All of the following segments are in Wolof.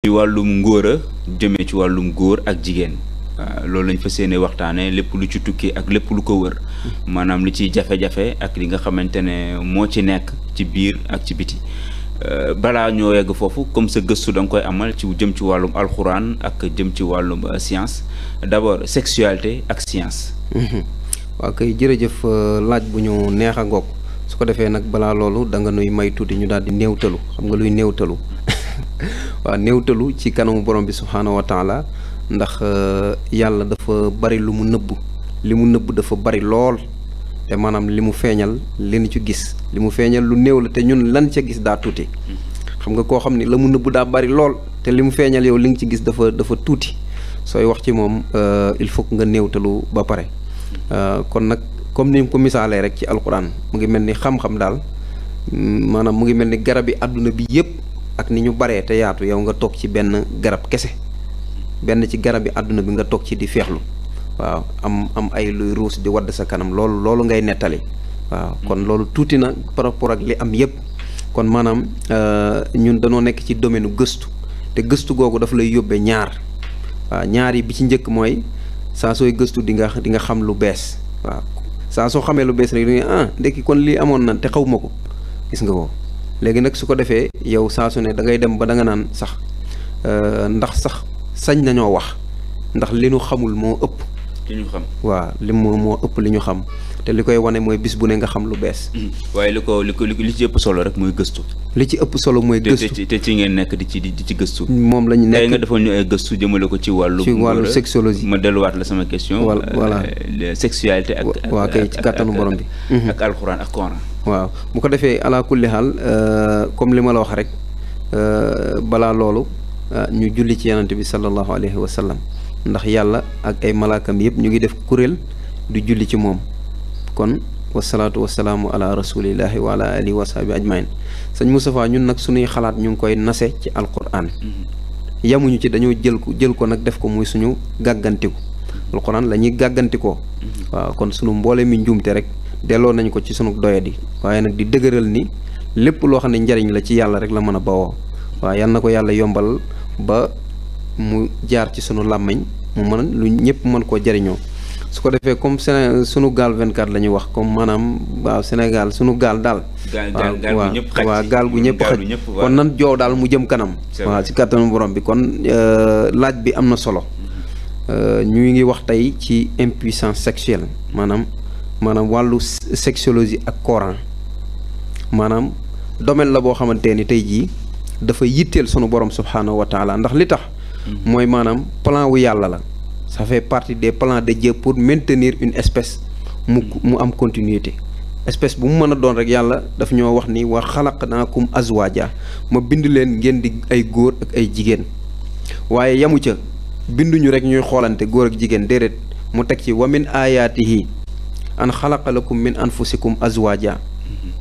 ci wàllum ngóor a jëmee ci wàllum góor ak jigéen euh, loolu lañ fas yéene waxtaanee lépp lu ci tukki ak lépp lu ko wër maanaam li ciy jafe-jafe ak li nga xamante ne moo ci nekk ci biir ak ci biti euh, balaa ñoo yegg foofu comme sa gëstu da nga koy amal ci jëm ci wàllum alxuraan ak jëm ci wàllum euh, science d'abord sexualité ak science. Mhm. waa kay jërëjëf laaj bu ñu neex a ngoog su ko defee nag balaa loolu da nga nuy may tuuti ñu daal di néewtalu xam nga luy néewtalu. waaw néewtalu ci kanamu borom bi subhaanahu wa taala ndax euh, yàlla dafa bari lu mu nëbb li mu nëbb dafa bari lool te maanaam li mu feeñal li ñu ci gis li mu feeñal lu néew la te ñun lan ca gis daa xam nga koo xam ni la mu nëbb daa bari lool te li mu feeñal li nga ci gis dafa dafa tuuti sooy wax ci moom euh, il faut nga néewtalu ba pare euh, kon nag comme ni mu ko misaalee rek ci alquran mu ngi mel ni xam-xam daal mm, maanaam mu ngi mel ni garabi àdduna bi yépp ak ni ñu baree te yaatu yow nga toog ci benn garab kese benn ci garab yi àdduna bi nga toog ci di feexlu waaw am am ay luy ruus di wadd sa kanam loolu loolu ngay nettali waaw kon loolu tuuti na par rapport ak li am yépp kon maanaam euh, ñun dañoo nekk ci domaine gëstu te gëstu googu dafa lay yóbbe ñaar waaw ñaar yi bi ci njëkk mooy saa sooy gëstu di nga di nga xam lu bees waaw saa soo xamee lu bees rek di nga ah, ndekki kon lii amoon na te xaw ma ko gis nga ko léegi nag su ko defee yow saa su ne da ngay dem ba da nga naan sax euh, ndax sax sañ nañoo wax ndax li nu xamul moo ëpp li ñu xam li mu moo ëpp li ñu xam te li koy wane mooy bis bu ne nga xam lu bees. Mm-hmm. waaye li ko li ko li ci ëpp solo rek mooy gëstu. li ci ëpp solo mooy. gëstu te ci ngeen nekk di ci di ci gëstu. moom la ñu nekk tey nga defoon ñu ay gëstu jëmale ko ci wàllu. ci wàllu sexologie ma delluwaat la sama question. Euh, voilà sexualité ak. waa ci kàttanu borom bi. Mm-hmm. ak alxuraan ak Coran. waaw bu ko defee ala kulli xaal euh, comme li ma la wax rek euh, balaa loolu ñu julli ci yonent bi sallallahu alayhi wa ndax yàlla ak ay malaakam yëpp ñu ngi def kuréel du julli ci moom kon wasalaatu wasalaamu ala rasulillahi wa ala alihi wa sahbi ajmain sëñ Moustapha ñun nag suñuy xalaat ñu ngi koy nase ci alquran yamuñu ci dañoo jël ko jël ko nag def ko muy suñu gàggantiku alquran la ñuy gàggantikoo waaw kon suñu mboole mi njuumte rek delloo nañ ko ci sunu doyadi waaye nag di dëgëral ni lépp loo xam ne njariñ la ci yàlla rek la mën a bawoo waaw yal na ko yàlla yombal mu jaar ci sunu làmmiñ mu mën lu ñëpp mën koo jariñoo su ko defee comme Séné sunu gaal 24 la ñuy wax comme maanaam waaw Sénégal sunu gaal daal. gaal gaal gu ñëpp xaj gaal gu ñëpp xaj kon nan joow daal mu jëm kanam. waaw si kattanu borom bi kon euh, laaj bi am na solo. Mm-hmm. Euh, ñu ngi wax tey ci impuissance sexuelle maanaam maanaam wàllu sexologie ak Coran maanaam domaine la boo xamante ni tey jii dafa yitteel sunu borom subxanahu wa taala ndax li tax. mooy maanaam plan wu yàlla la ça fait partie des plans de Dieu pour maintenir une espèce mu mm. mu am continuité espèce bu mu mën a doon rek yàlla daf ñoo wax ni wa xalaqnaakum azwaaja ma bind leen ngeen di ay góor ak ay jigéen waaye yamu ca binduñu rek ñuy xoolante góor ak jigéen déedéet mu teg ci wa min ayaatihi an xalaqa lakum min anfusikum azwaaja mm-hmm.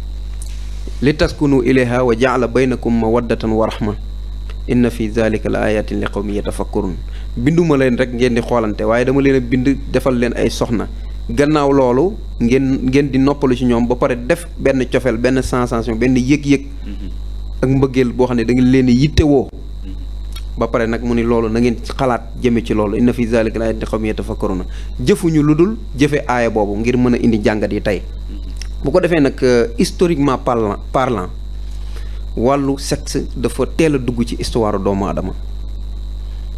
li taskunu ilayha wa jaala baynakum mawaddatan wa ma inna fi zalika la ayatin li qawmi yatafakkurun binduma leen rek ngeen di xoolante waaye dama leen a bind defal leen ay soxna gannaaw loolu ngeen ngeen di noppalu ci ñoom ba pare def benn cofeel benn sensation benn yëg-yëg mm-hmm. ak mbëggeel boo xam ne da ngeen leen yittewoo mm-hmm. ba pare nag mu ni loolu na ngeen xalaat jëme ci loolu inna fi zalika la ayatin li korona yatafakkurun ñu lu dul jëfe aaya boobu ngir mën a indi jàngat yi tey mm-hmm. bu ko defee nag euh, historiquement parlant wàllu sexe dafa teel a dugg ci histoire doomu adama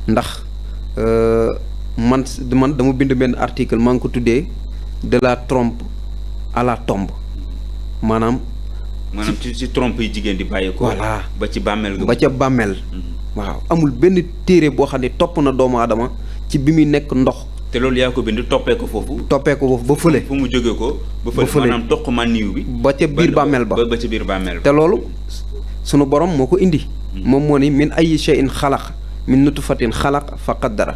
ndax euh, man man dama bind benn article maa ngi ko tuddee de la trompe à tombe maanaam. maanaam ci ci trompe yi jigéen di bàyyi ko. ba ci bàmmeel ba ca bàmmeel. Mm-hmm. waaw amul benn téere boo xam ne topp na doomu aadama ci bi muy nekk ndox. te loolu yaa ko bind toppee ko foofu. toppee ko foofu ba fële. fu mu jógee ko. ba fële toq ma niiw bi. ba ca biir ba ca biir bàmmeel ba te loolu sunu borom moo ko indi mm. moom moo ni min ayi shay'in xalaq min nutfatin xalaq fa qaddara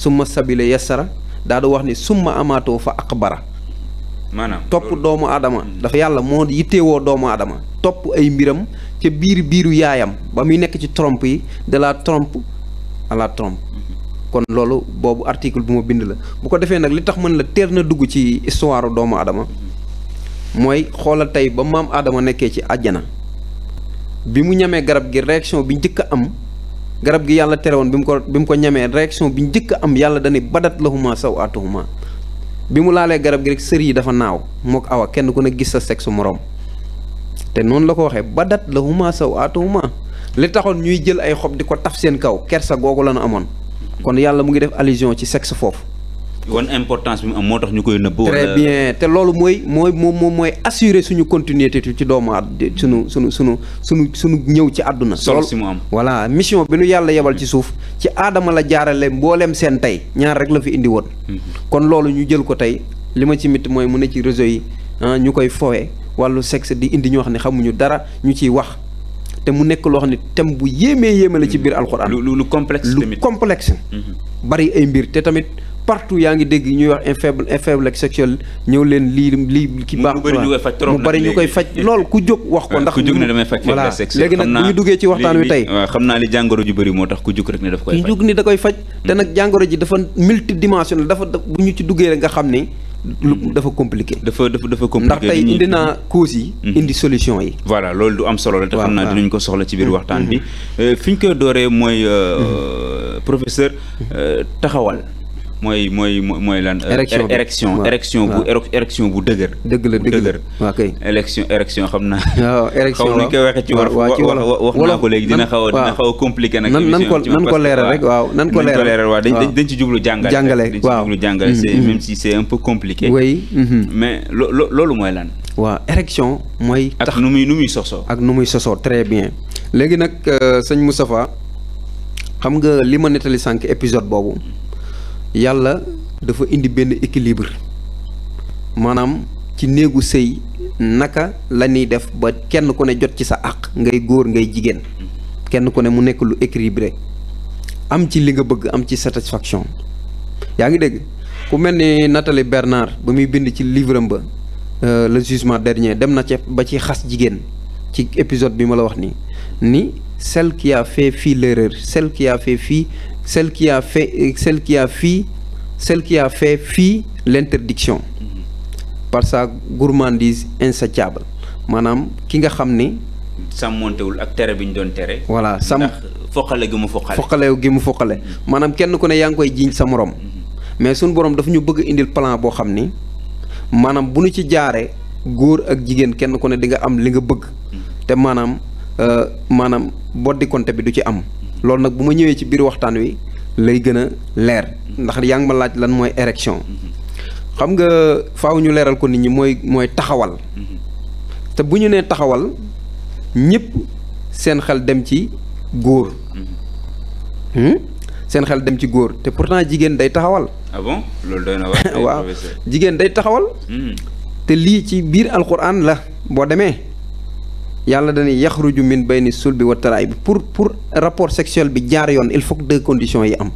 summa sabila yassara daa du wax ni suma amaatoo fa aqbara maanaam topp doomu aadama mm. dafa yàlla moo yitteewoo doomu aadama topp ay mbiram ca biir biiru yaayam ba muy nekk ci trompe yi de la trompe à mm-hmm. kon loolu boobu article bu ma bind la bu ko defee nag li tax mën la teer na dugg ci histoire doomu aadama mm-hmm. mooy xoolal tey ba maam aadama nekkee ci àjjana bi mu ñamee garab gi réaction bi njëkk a am garab gi yàlla tere woon bi mu ko bi mu ko ñamee réaction bi njëkk a am yàlla dani badat lahuma saw aatuhuma bi mu laalee garab gi rek sër yi dafa naaw mook awa kenn ku ne gis sa sexe moroom te noonu la ko waxee badat lahuma saw aatuhuma li taxoon ñuy jël ay xob di ko taf seen kaw kersa googu la nu amoon kon yàlla mu ngi def allusion ci sexe foofu wan importance bi mu am moo tax ñu koy nëbb. très bien te loolu mooy mooy moom mooy assurer suñu continuité ci doomu at suñu suñu suñu suñu suñu ñëw ci àdduna. solo si mu am voilà mission bi yàlla yebal ci suuf ci aadama la jaarale mbooleem seen tey ñaar rek la fi indi woon. Mhm. kon loolu ñu jël ko tey li ma ci mit mooy mu ne ci réseau yi ah, ñu koy fowe wàllu sexe di indi ñoo xam ne xamuñu dara ñu ciy wax. te mu nekk loo xam ne thème bu yéemee yéeme la ci mhm. biir alxuraan. lu lu complexe tamit lu complexe. Mhm. bari ay mbir te tamit partout yaa ngi dégg ñuy wax infaible infaible sexuel ñëw leen lii lii ki baax mu bari ñu koy faj lool ku jóg wax ko ah, ndax ku jóg ne damay faj voilà léegi nag bu ñu duggee ci waxtaan wi tey xam naa li jàngoro ju bëri moo tax ku jóg rek ne daf koy faj ku koy faj mm. te nag jàngoro ji dafa multidimensionnel dafa bu ñu ci duggee rek nga xam ni lu mm. dafa compliqué. dafa dafa dafa compliqué ndax tey indi naa cause yi. Mm. indi solution yi. voilà loolu du am solo la te xam naa dinañ ko soxla ci biir waxtaan bi. Mm-hmm. Euh, fi ñu koy dooree mooy euh, mm-hmm. professeur mm-hmm. Euh, taxawal. mooy mooy mooy lan. Euh, érection érection érection bu érection bu dëgër. dëgg la dëgg la waaw kay. élection érection xam naa. waaw érection waaw xaw ma koy waxee waa wolof wax naa ko léegi dina xaw a dina xaw a compliqué nag. nan ko nan ko leeral rek waaw nan ko leeral waaw dañ dañ ci jublu jàngale. jàngale waaw dañ ci jublu jàngale c'est mm-hmm. même si c'est un peu compliqué. oui. Mm-hmm. mais loolu mooy lan. waaw érection mooy. tax ak nu muy nu muy sosoo. ak nu muy sosoo très bien. léegi nag euh, sañ Moustapha xam nga li ma nettali sànq épisode boobu. yàlla dafa indi benn équilibre maanaam ci néegu sëy naka la ñuy def ba kenn ku ne jot ci sa àq ngay góor ngay jigéen kenn ku ne mu nekk lu équilibré am ci li nga bëgg am ci satisfaction yaa ngi dégg ku mel ni Nathalie Bernard ba muy bind ci livre am ba euh, le jugement dernier dem na ci ba ci xas jigéen ci épisode bi ma la wax nii ni celle qui fait fii l'erreur celle qui fii celle qui a fait euh, celle qui a fii celle qui a fait fi l'interdiction mm-hmm. par sa gourmandise insatiable maanaam ki nga xam ni. sàmmontewul ak tere bi ñu doon tere. voilà sam ndax foqale gi mu foqale. foqale mu foqale mm-hmm. maanaam kenn ku ne yaa ngi koy jiiñ sa morom. Mm-hmm. mais suñu borom dafa ñu bëgg indil plan boo xam ni maanaam bu ñu ci jaaree góor ak jigéen kenn ku ne di nga am li nga bëgg. te maanaam euh, maanaam boddi bi du ci am. loolu nag bu ma ñëwee ci biir waxtaan wi lay gën a leer mm-hmm. ndax yaa ngi ma laaj lan mooy érection mm-hmm. xam nga faw ñu leeral ko nit ñi mooy mooy taxawal mm-hmm. te bu ñu nee taxawal ñépp seen xel dem ci góor hmm? seen xel dem ci góor te pourtant jigéen day taxawal. Ah bon loolu doy waaw jigéen day taxawal. Mm. te lii ci biir alquran la boo demee. yàlla dañuy yaxruju min bayni sulbi wa bi pour pour rapport sexuel bi jaar yoon il faut que deux yi am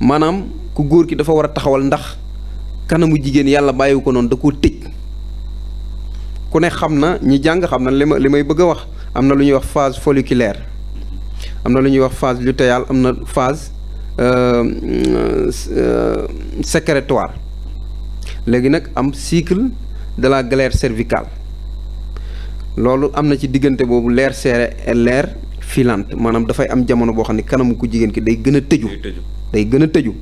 maanaam ku góor ki dafa war a taxawal ndax kanamu jigéen yàlla bàyyiwu ko noonu da koo tëj ku ne xam na ñi jàng xam na li li may bëgg a wax am na lu ñuy wax phase folliculaire am na lu ñuy wax phase lutéale am na phase euh, euh, sécrétoire léegi nag am cycle de la glaire servical loolu am na ci diggante boobu leer seere leer filante maanaam dafay am jamono boo xam ne kanamu ku jigéen ki day gën a tëju day gën a tëju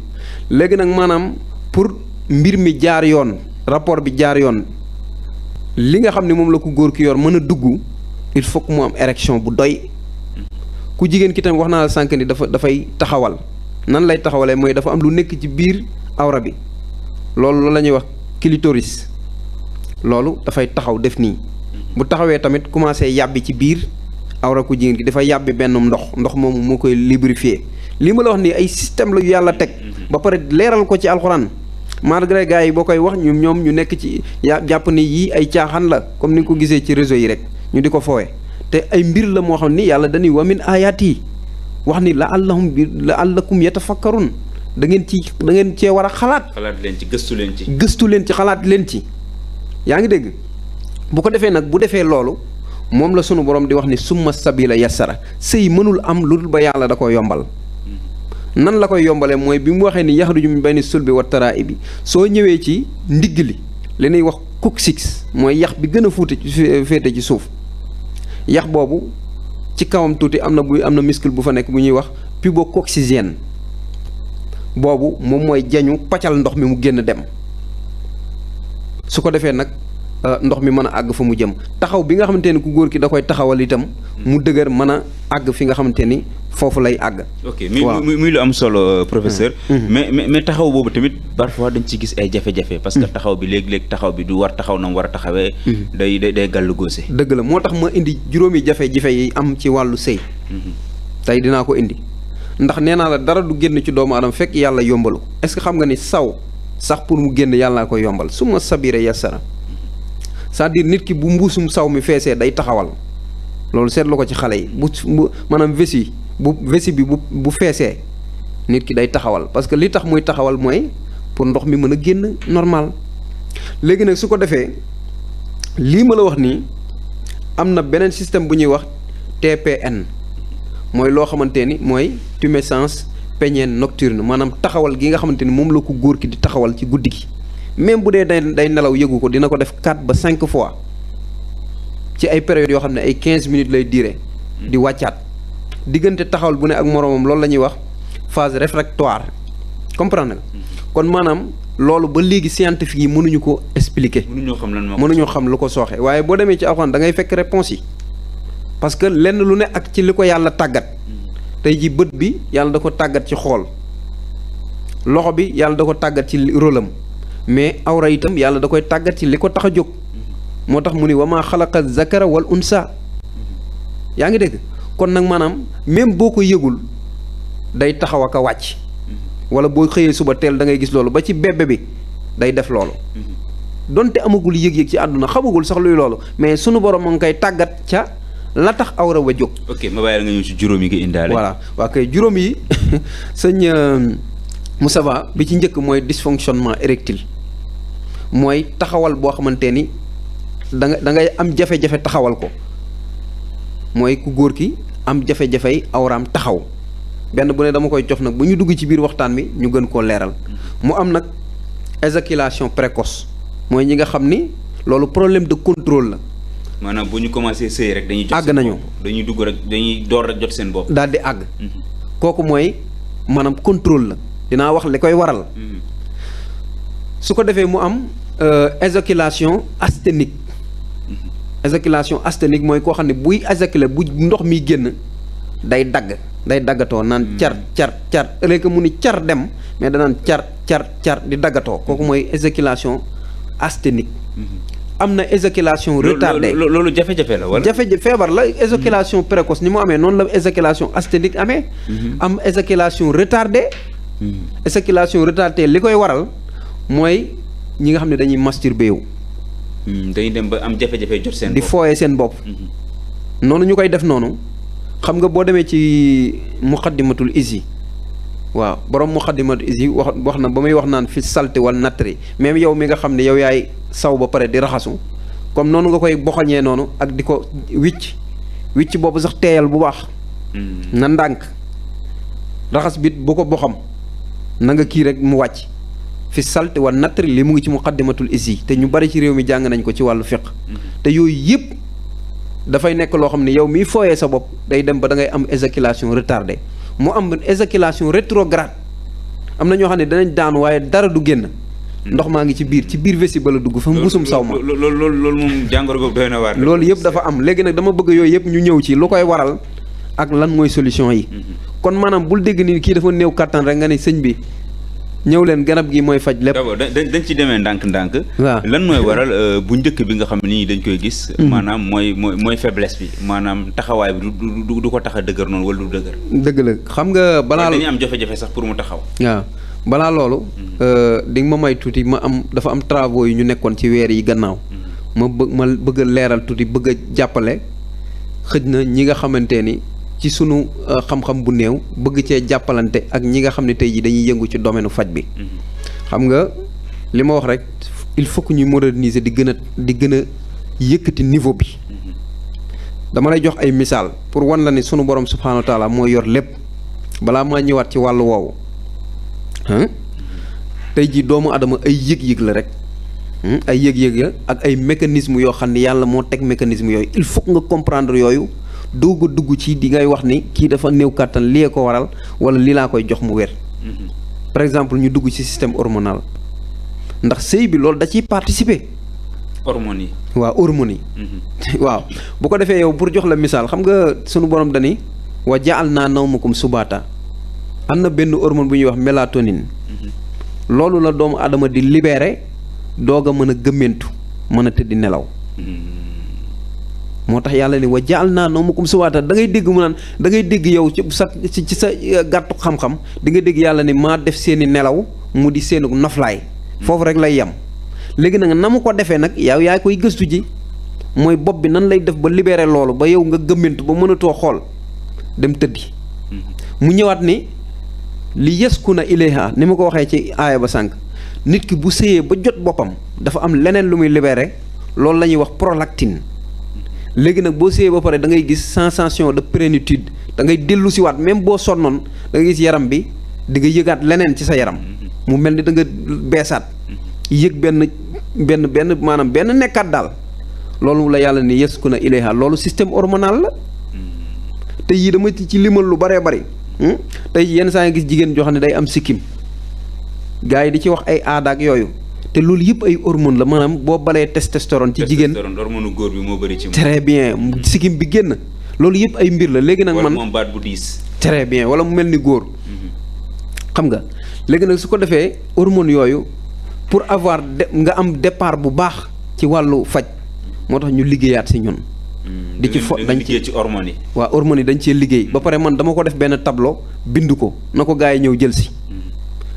léegi nag maanaam pour mbir mi jaar yoon rapport bi jaar yoon li nga xam ne moom la ku góor ki yor mën a dugg il faut mu am érection bu doy ku jigéen ki tamit wax naa la sànq ni dafa dafay taxawal nan lay taxawalee mooy dafa am lu nekk ci biir awra bi loolu loolu la ñuy wax clitoris loolu dafay taxaw def nii bu taxawee tamit commencé yàbbi ci biir awra ku jigéen gi dafa yàbbi benn ndox ndox moomu moo koy lubrifier li ma la wax ni ay système la yu yàlla teg mhm. ba pare leeral ko ci alxuraan malgré gars yi boo koy wax ñu ñoom ñu nekk ci jàpp ni yii ay caaxaan la comme ni nga ko gisee ci réseau yi rek ñu di ko foowe te ay mbir la moo xam ni yàlla dañuy wamin ayaat yi wax ni la allahum bi la allakum yatafakkarun da ngeen ci da ngeen cee war a xalaat. gëstu leen ci. gëstu leen ci xalaat leen ci yaa ngi dégg. bu ko defee nag bu defee loolu moom la sunu borom di wax ni summa sabila yassara sëy mënul am lu dul ba yàlla da ko yombal nan la koy yombalee mooy bi mu waxee ni yaxruju min bayni sulbi wa tarai bi soo ñëwee ci ndigg li li wax cook mooy yax bi gën a fuute féete ci suuf yax boobu ci kawam tuuti am na bu am na muscle bu fa nekk bu ñuy wax pubococcygène boobu moom mooy jañu pacal ndox mi mu génn dem su ko defee nag Euh, ndox mi mën a àgg fa mu jëm taxaw bi nga xamante ni ku góor ki da koy taxawal itam mu dëgër mën a àgg fi nga xamante ni foofu lay àgg. ok muy muy lu am solo euh, professeur. Mm. Mm-hmm. mais mais mais taxaw boobu tamit parfois dañ ci gis ay jafe-jafe. parce que mm. taxaw bi léegi léeg taxaw bi du war taxaw na mu war a taxawee. Mm-hmm. day day gàll gàllu góose. dëgg la moo tax ma indi juróomi jafe-jafe yi am ci wàllu sëy. Mm-hmm. tey dinaa ko indi ndax nee naa la dara du génn ci doomu aadama fekk yàlla yombalu est-ce que xam nga ni saw sax pour mu génn yàlla naa ko yombal su ma sabire yasara cest à nit ki bu mbuusum saw mi feesee day taxawal loolu seetlu ko ci xale yi bu bu maanaam vessie bu vessie bi bu bu feesee nit ki day taxawal parce que li tax muy taxawal mooy pour ndox mi mën a génn normal léegi nag su ko defee lii ma la wax nii am na beneen système bu ñuy wax TPN mooy loo xamante ni mooy tumescence pénienne nocturne maanaam taxawal gi nga xamante ni moom la ko góor ki di taxawal ci guddi gi même bu dee day day nelaw yëgu ko dina ko def quatre ba cinq fois ci ay période yoo xam ne ay quinze minutes lay diire hmm. di wàccaat diggante taxawal bu ne ak moroomam loolu la ñuy wax phase réfractoire comprendre nga hmm. kon maanaam loolu ba léegi scientifique yi mënuñu ko expliquer. mënuñoo xam lan mënuñoo xam lu ko sooxe waaye boo demee ci alxuraan dangay ngay fekk réponse yi parce que lenn lu ne ak ci li ko yàlla tàggat hmm. tey ji bët bi yàlla da ko tàggat ci xool loxo bi yàlla da ko tàggat ci rolam mais awra itam yàlla da koy tàggat ci li ko tax a jóg moo tax mu ni wa maa xalaqa zakara wal unsa yaa ngi dégg kon nag maanaam même boo ko yëgul day taxaw ak a wàcc wala boo xëyee suba teel da ngay gis loolu ba ci bébé bi day def loolu donte amagul yëg-yëg ci àdduna xamagul sax luy loolu mais sunu borom mu ngi koy tàggat ca la tax awra wa jóg. ok ma bàyyi la juróom yi nga indaale. voilà waa kay juróom yi sëñ euh, Moussa bi ci njëkk mooy dysfonctionnement érectile. mooy taxawal boo xamante ni da nga am jafe-jafe taxawal ko mooy ku góor ki am jafe-jafey awraam taxaw benn bu ne dama koy jox nag bu ñu dugg ci biir waxtaan wi ñu gën koo leeral mu am nag éjaculation précoce mooy ñi nga xam ni loolu problème de contrôle la. maanaam bu ñu commencé sëy rek dañuy. àgg nañu dañuy dugg rek dañuy door rek jot seen bopp. daal di àgg. Mhm. kooku mooy maanaam contrôle la dinaa wax li koy waral. Mhm. su ko defee mu am euh, éjaculation asthénique éjaculation asthénique mooy koo xam ne buy éjaculer bu ndox mi génn day dagg day daggatoo naan hmm. car car car ëllëg mu ni car dem mais danaan car car car di daggatoo kooku hmm. mooy éjaculation asthénique hmm. am na éjaculation retardée loolu jafe-jafe la wala jafe-jafe feebar la éjaculation précoce ni mu amee noonu la éjaculation asthénique amee am éjaculation retardée éjaculation retardée li koy waral mooy ñi nga xam ne dañuy masturbé wu. Hmm, dañuy dem ba am jafe jot seen di fooye seen bopp. Hmm, hmm. noonu ñu koy def noonu xam nga boo demee ci muqaddimatul isi waaw borom muqaddimatul isi wax wax na ba muy wax naan fi salte wal natri même yow mi nga xam ne yow yaay saw ba pare di raxasu comme noonu nga koy boxañee noonu ak di ko wicc wicc boobu sax teeyal bu baax. na ndànk raxas bit bu ko boxam na nga kii rek mu wàcc. fi salte wal natri li mu ngi ci muqaddimatul isi te ñu bari ci réew mi jàng nañ ko ci wàllu fiq te yooyu yëpp dafay nekk loo xam ne yow miy fooyee sa bopp day dem ba da ngay am éjaculation retardée mu am éjaculation rétrograde am na ñoo xam ne danañ daanu waaye dara du génn ndox maa ngi ci biir ci biir vessie ba la dugg fa mbusum saw ma loolu loolu moom jàngoro boobu loolu yëpp dafa am léegi nag dama bëgg yooyu yëpp ñu ñëw ci lu koy waral ak lan mooy solution yi mm-hmm. kon maanaam bul dégg ni kii dafa néew kattan rek nga ne sëñ bi ñëw leen garab gi mooy faj lépp. d'abord dañ ci demee ndànk-ndànk. waaw lan mooy waral euh, bu njëkk bi nga xam ni dañ koy gis. Hmm. maanaam mooy mooy mooy faiblesse bi maanaam taxawaay bi du du ko taxa dëgër noonu wala du dëgër. dëgg la xam nga balaa. dañuy am jafe sax pour mu taxaw. waaw balaa loolu. Hmm. Euh, di nga ma may tuuti ma am dafa am travaux yu ñu nekkoon ci weer yi gannaaw. Hmm. ma bë ma bëgg leeral tuuti bëgg jàppale xëj na ñi nga xamante ni ci sunu euh, xam-xam bu néew bëgg cee jàppalante ak ñi nga xam ne tey jii dañuy yëngu ci domaine faj bi. Mm-hmm. xam nga li ma wax rek il faut ñuy moderniser di gën di gën a yëkkati niveau bi. Mm-hmm. dama lay jox ay misaal pour wan la ne sunu borom subhaanahu wa taala yor lépp balaa maa ñëwaat ci wàll woowu. Mm-hmm. tey jii doomu adama ay yëg-yëg la rek. Hmm? ay yëg-yëg la ak ay mécanisme yoo xam ne yàlla moo teg mécanisme yooyu il faut nga comprendre yooyu. doog a dugg ci di ngay wax ni kii dafa néew kàttan lii ko waral wala lii laa koy jox mu wér. Mm-hmm. par exemple ñu dugg ci système hormonal ndax sëy bi loolu da ciy participer. hormones yi. waaw hormones yi. Mm-hmm. waaw bu ko defee yow pour jox la misaal xam nga sunu borom dani wa jaal naa nawmakum subaata am na benn hormone bu ñuy wax mélatonine. Mm-hmm. loolu la doomu aadama di libeere doog a mën a gëmmentu mën a tëddi nelaw. moo tax yàlla ne wa jaal naa noo ma kum suwaata dégg mu naan dangay dégg yow ci sa ci sa euh, gàttu xam-xam di nga dégg yàlla ne maa def seeni nelaw mu di seenu noflaay foofu rek lay yem léegi nag na mu ko defee nag yow yaa koy gëstu ji mooy bopp bi nan lay def ba libéré loolu ba yow nga gëmmint ba mënatoo xool dem tëddi mu ñëwaat ni li yesku na ilayha ni ma ko waxee ci aaya ba sànq nit ki bu séyee ba jot boppam dafa am leneen lu muy libéré loolu la ñuy wax prolactine léegi nag boo séyee ba pare da ngay gis sensation de plénitude da ngay dangay si waat même boo sonnoon da ngay gis yaram bi di nga yëgaat leneen ci sa yaram mm-hmm. mu mel ni danga nga beesaat mm-hmm. yëg benn benn maanaam benn nekkaat daal loolu la yàlla ni yës na ilayha loolu système hormonal la mm-hmm. te yii dama ci limal lu baree bari hmm? te yenn saa nga gis jigéen joo xam ne day am sikkim gars yi di ci wax ay aada ak yooyu te loolu yëpp ay hormone la maanaam boo balee testostérone ci jigéen testostérone hormone góor bi moo bëri ci très bien mm. sikkim bi génn loolu yëpp ay mbir la léegi nag man moom baat bu diis très bien wala mu mel ni góor mm-hmm. xam nga léegi nag su ko defee hormone yooyu pour avoir nga am départ bu baax ci wàllu faj moo tax ñu liggéeyaat si ñun mm, di ci fo dañ ci hormone yi waa hormone yi dañ cee liggéey ba mm. pare man dama ko def benn tableau bind ko na ko gars yi ñëw jël si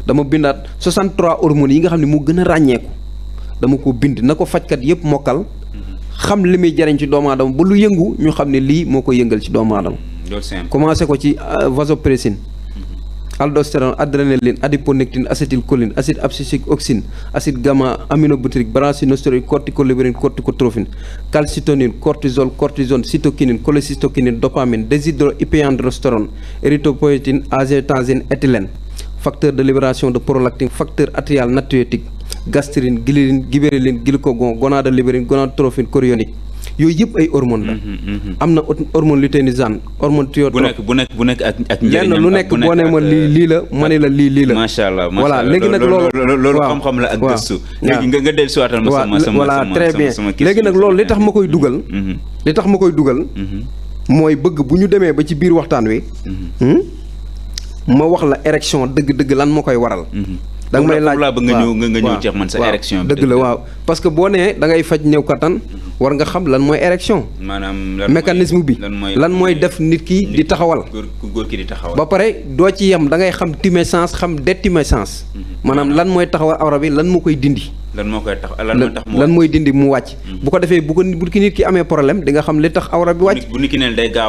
dama bindaat 63 hormones yi nga xam ne moo gën a ràññeeku dama ko bind na ko fajkat yëpp mokkal xam li muy jariñ ci doomu aadama ba lu yëngu ñu xam ne lii moo ko yëngal ci doomu aadama commencé ko ci euh, vasopressine mhm. aldostérone adrénaline adiponectine acétylcholine acide abscisique oxine acide gamma aminobutyrique branchinostéronique corticolibérine corticotrophine calcitonine cortisol cortisone cytokinine cholécystokinine dopamine déshydrohypoandrostérone érythropoïétine azétazine éthylène facteur de libération de prolactine facteur atrial natriurétique gastrine ghréline gibéreline glucagon gonadolibérine gonadotrophine chorionique yooyu yëpp ay hormone la. Mhm, mhm, mhm. am na hormone lutéinisante hormone thiotrope. bu nekk bu nekk bu nekk ak ak lu nekk boo nee ma lii lii la ma ne la lii lii la. macha allah macha allah léegi nag loolu. loolu xam-xam la ak gëstu. léegi nga nga ma sama léegi nag loolu li tax ma koy dugal. li tax ma koy dugal. mooy bëgg bu ñu demee ba ci biir waxtaan wi. Hmm? ma wax la érection dëgg-dëgg lan moo koy waral. da nga may laaj laa bëgg nga ñëw nga ñëw ceex man la waaw parce que boo nee da ngay faj néew kattan mhm. war nga xam lan mooy érection. maanaam mécanisme bi lan mooy def nit ki di taxawal. góor ki di taxawal. ba pare doo ci yem da ngay xam tumescence xam détumescence. Mhm. maanaam lan mooy taxawal awra bi lan moo koy dindi. lan moo koy tax lan mooy dindi mu wàcc. Mhm. bu ko defee bu ko bu ki nit ki amee problème di nga xam li tax awra bi wàcc. bu nit ki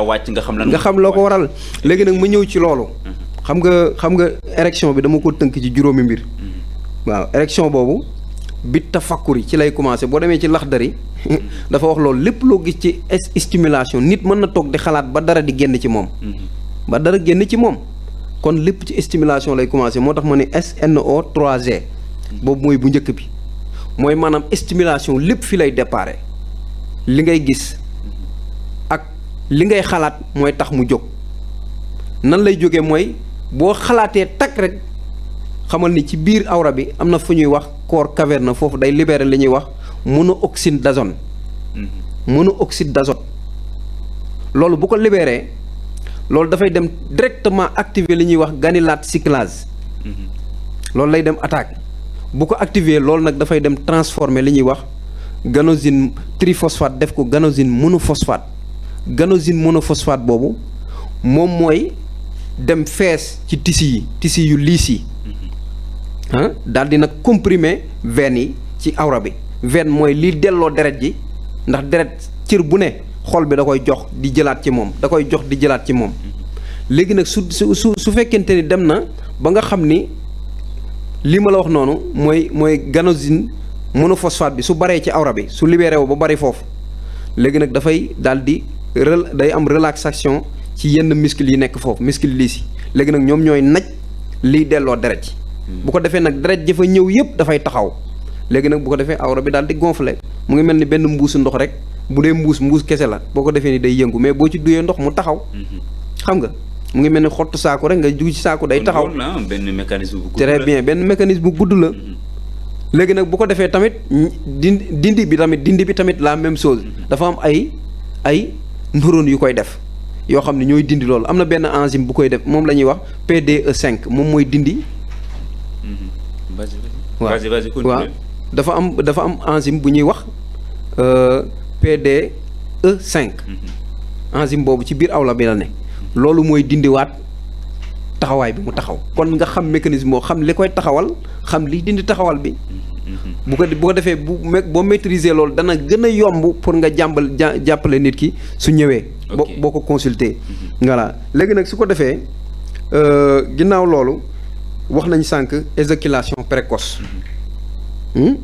wàcc nga xam lan nga xam loo ko waral léegi nag ma ñëw ci loolu xam nga xam nga érection bi dama ko tënk ci juróomi mbir waaw érection boobu bit tafakkur ci lay commencé boo demee ci laxdari dafa wax loolu lépp loo gis ci stimulation nit mën na toog di xalaat ba dara di génn ci moom mm-hmm. ba dara génn ci moom kon lépp ci stimulation lay commencé moo tax ma ne SNO 3G boobu mooy bu njëkk bi mooy maanaam stimulation lépp fii lay déparé li ngay gis ak li ngay xalaat mooy tax mu jóg nan lay jógee mooy boo xalaatee takk rek xamal ni ci biir awra bi am na fu ñuy wax corps caverne foofu day libérer li ñuy wax monoxyde d'azote mm-hmm. monoxyde d'azote loolu bu ko libéré loolu dafay dem directement activer li ñuy wax ganylate cyclase mm-hmm. loolu lay dem attaque bu ko activer loolu nag dafay dem transformer li ñuy wax ganosine triphosphate def ko ganosine monophosphate ganosine monophosphate boobu moom mooy dem fees ci tissu yi tissu yu liis yi ah mm-hmm. daal di nag comprimer veine yi ci awra bi veine mooy liy delloo deret ji ndax deret cër bu ne xol bi da koy jox di jëlaat ci moom da koy jox di jëlaat ci moom mm-hmm. léegi nag su su su su fekkente ni dem na ba nga xam ni li ma la wax noonu mooy mooy ganosin monophosphate bi su baree ci awra bi su libéré wu ba bari foofu léegi nag dafay daal di day am relaxation ci yenn muscle yi nekk foofu muscle lisse léegi nag ñoom ñooy naj liy delloo deret yi hmm. bu ko defee nag deret dafa ñëw yëpp dafay taxaw léegi nag bu ko defee awra bi daal di gonfler mu ngi mel ni benn mbuusu ndox rek bu dee mbuus mbuus kese la boo ko defee ni day yëngu mais boo ci duyee ndox mu taxaw hmm. xam nga mu ngi mel ni xottu saako rek nga dugg ci saako day taxaw benn mécanisme bu gudd la très bien benn mécanisme bu gudd la hmm. léegi nag bu ko defee tamit dindi dindi bi tamit dindi bi tamit la même chose dafa am ay ay neurones yu koy def yoo xam ne ñooy dindi loolu am na benn enzyme bu koy def moom la ñuy wax pde cinq moom mooy dindi. Mm-hmm. vas y dafa am dafa am enzyme bu ñuy wax euh, pde cinq mm-hmm. enzyme boobu ci biir awla bi la ne. loolu mooy dindiwaat taxawaay bi mu taxaw kon nga xam mécanisme boo xam li koy taxawal xam liy dindi taxawal bi. Mm-hmm. bu ko bu ko defee bu boo maîtriser loolu dana gën a yomb pour nga jàmbal jàppale nit ki su ñëwee. boo boo ko consulter. Mhm. voilà léegi nag su ko defee euh, ginnaaw loolu wax nañ sànq éjaculation précoce. Mhm. Hmm?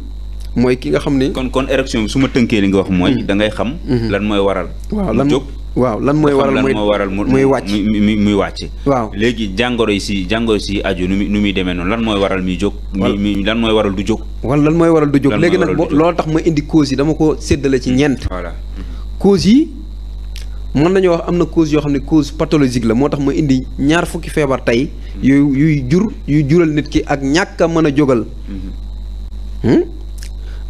mooy ki nga xam ni. kon kon érection bi su ma tënkee li nga wax mooy. Mhm. da ngay xam. lan mooy waral. waaw lan jóg waaw lan mooy waral mooy waral muy wàcc muy muy wàcc. waaw léegi jàngoro yi si jàngoro si aju nu muy nu muy demee noonu lan mooy waral muy jóg. mi dan mooy waral du jóg wala lan mooy waral du jóg léegi nag loolu tax ma indi cause yi dama ko séddale ci ñeent voilà cause yi mën nañu wax am na cause yoo xam ne cause pathologique la moo tax ma indi ñaar fukki feebar tey yooyu mm-hmm. yuy jur yuy jural nit ki ak ñàkk mën a jógal mm-hmm. hmm?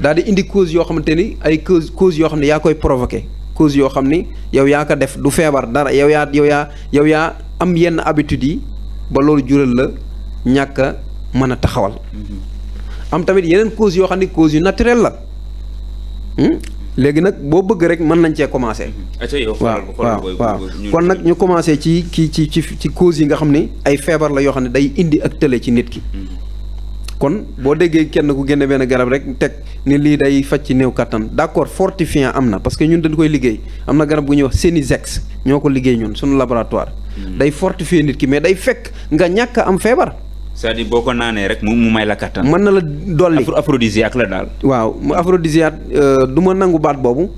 daal di indi cause yoo xamante ni ay cause cause yoo xam ne yaa koy provoqué cause yoo xam ni yow yaa ko def du feebar dara yow yaa yow yaa yow yaa am yenn habitude yi ba loolu jural la ñàkk mën a taxawal am tamit yeneen cause yoo xam ne cause yu naturelle la hmm? léegi nag boo bëgg rek mën nañ cee commencé waaw waaw waaw kon nag ñu commencé ci ci ci ci ci cause yi nga xam ni ay feebar la yoo xam ne day indi ak tële ci nit ki hmm. kon boo déggee kenn ku génne benn garab rek teg ni lii day faj ci néew kattan d'accord fortifiant am na parce que ñun dañu koy liggéey am na garab gu ñuy wax Senizex ñoo ko liggéey ñun suñu laboratoire hmm. day fortifier nit ki mais day fekk nga ñàkk am feebar cest à boo ko naanee rek mu mu may la kattan. mën na la dolli afro aphrodisiaque la daal. waaw mu aphrodisiaque euh, du ma nangu baat boobu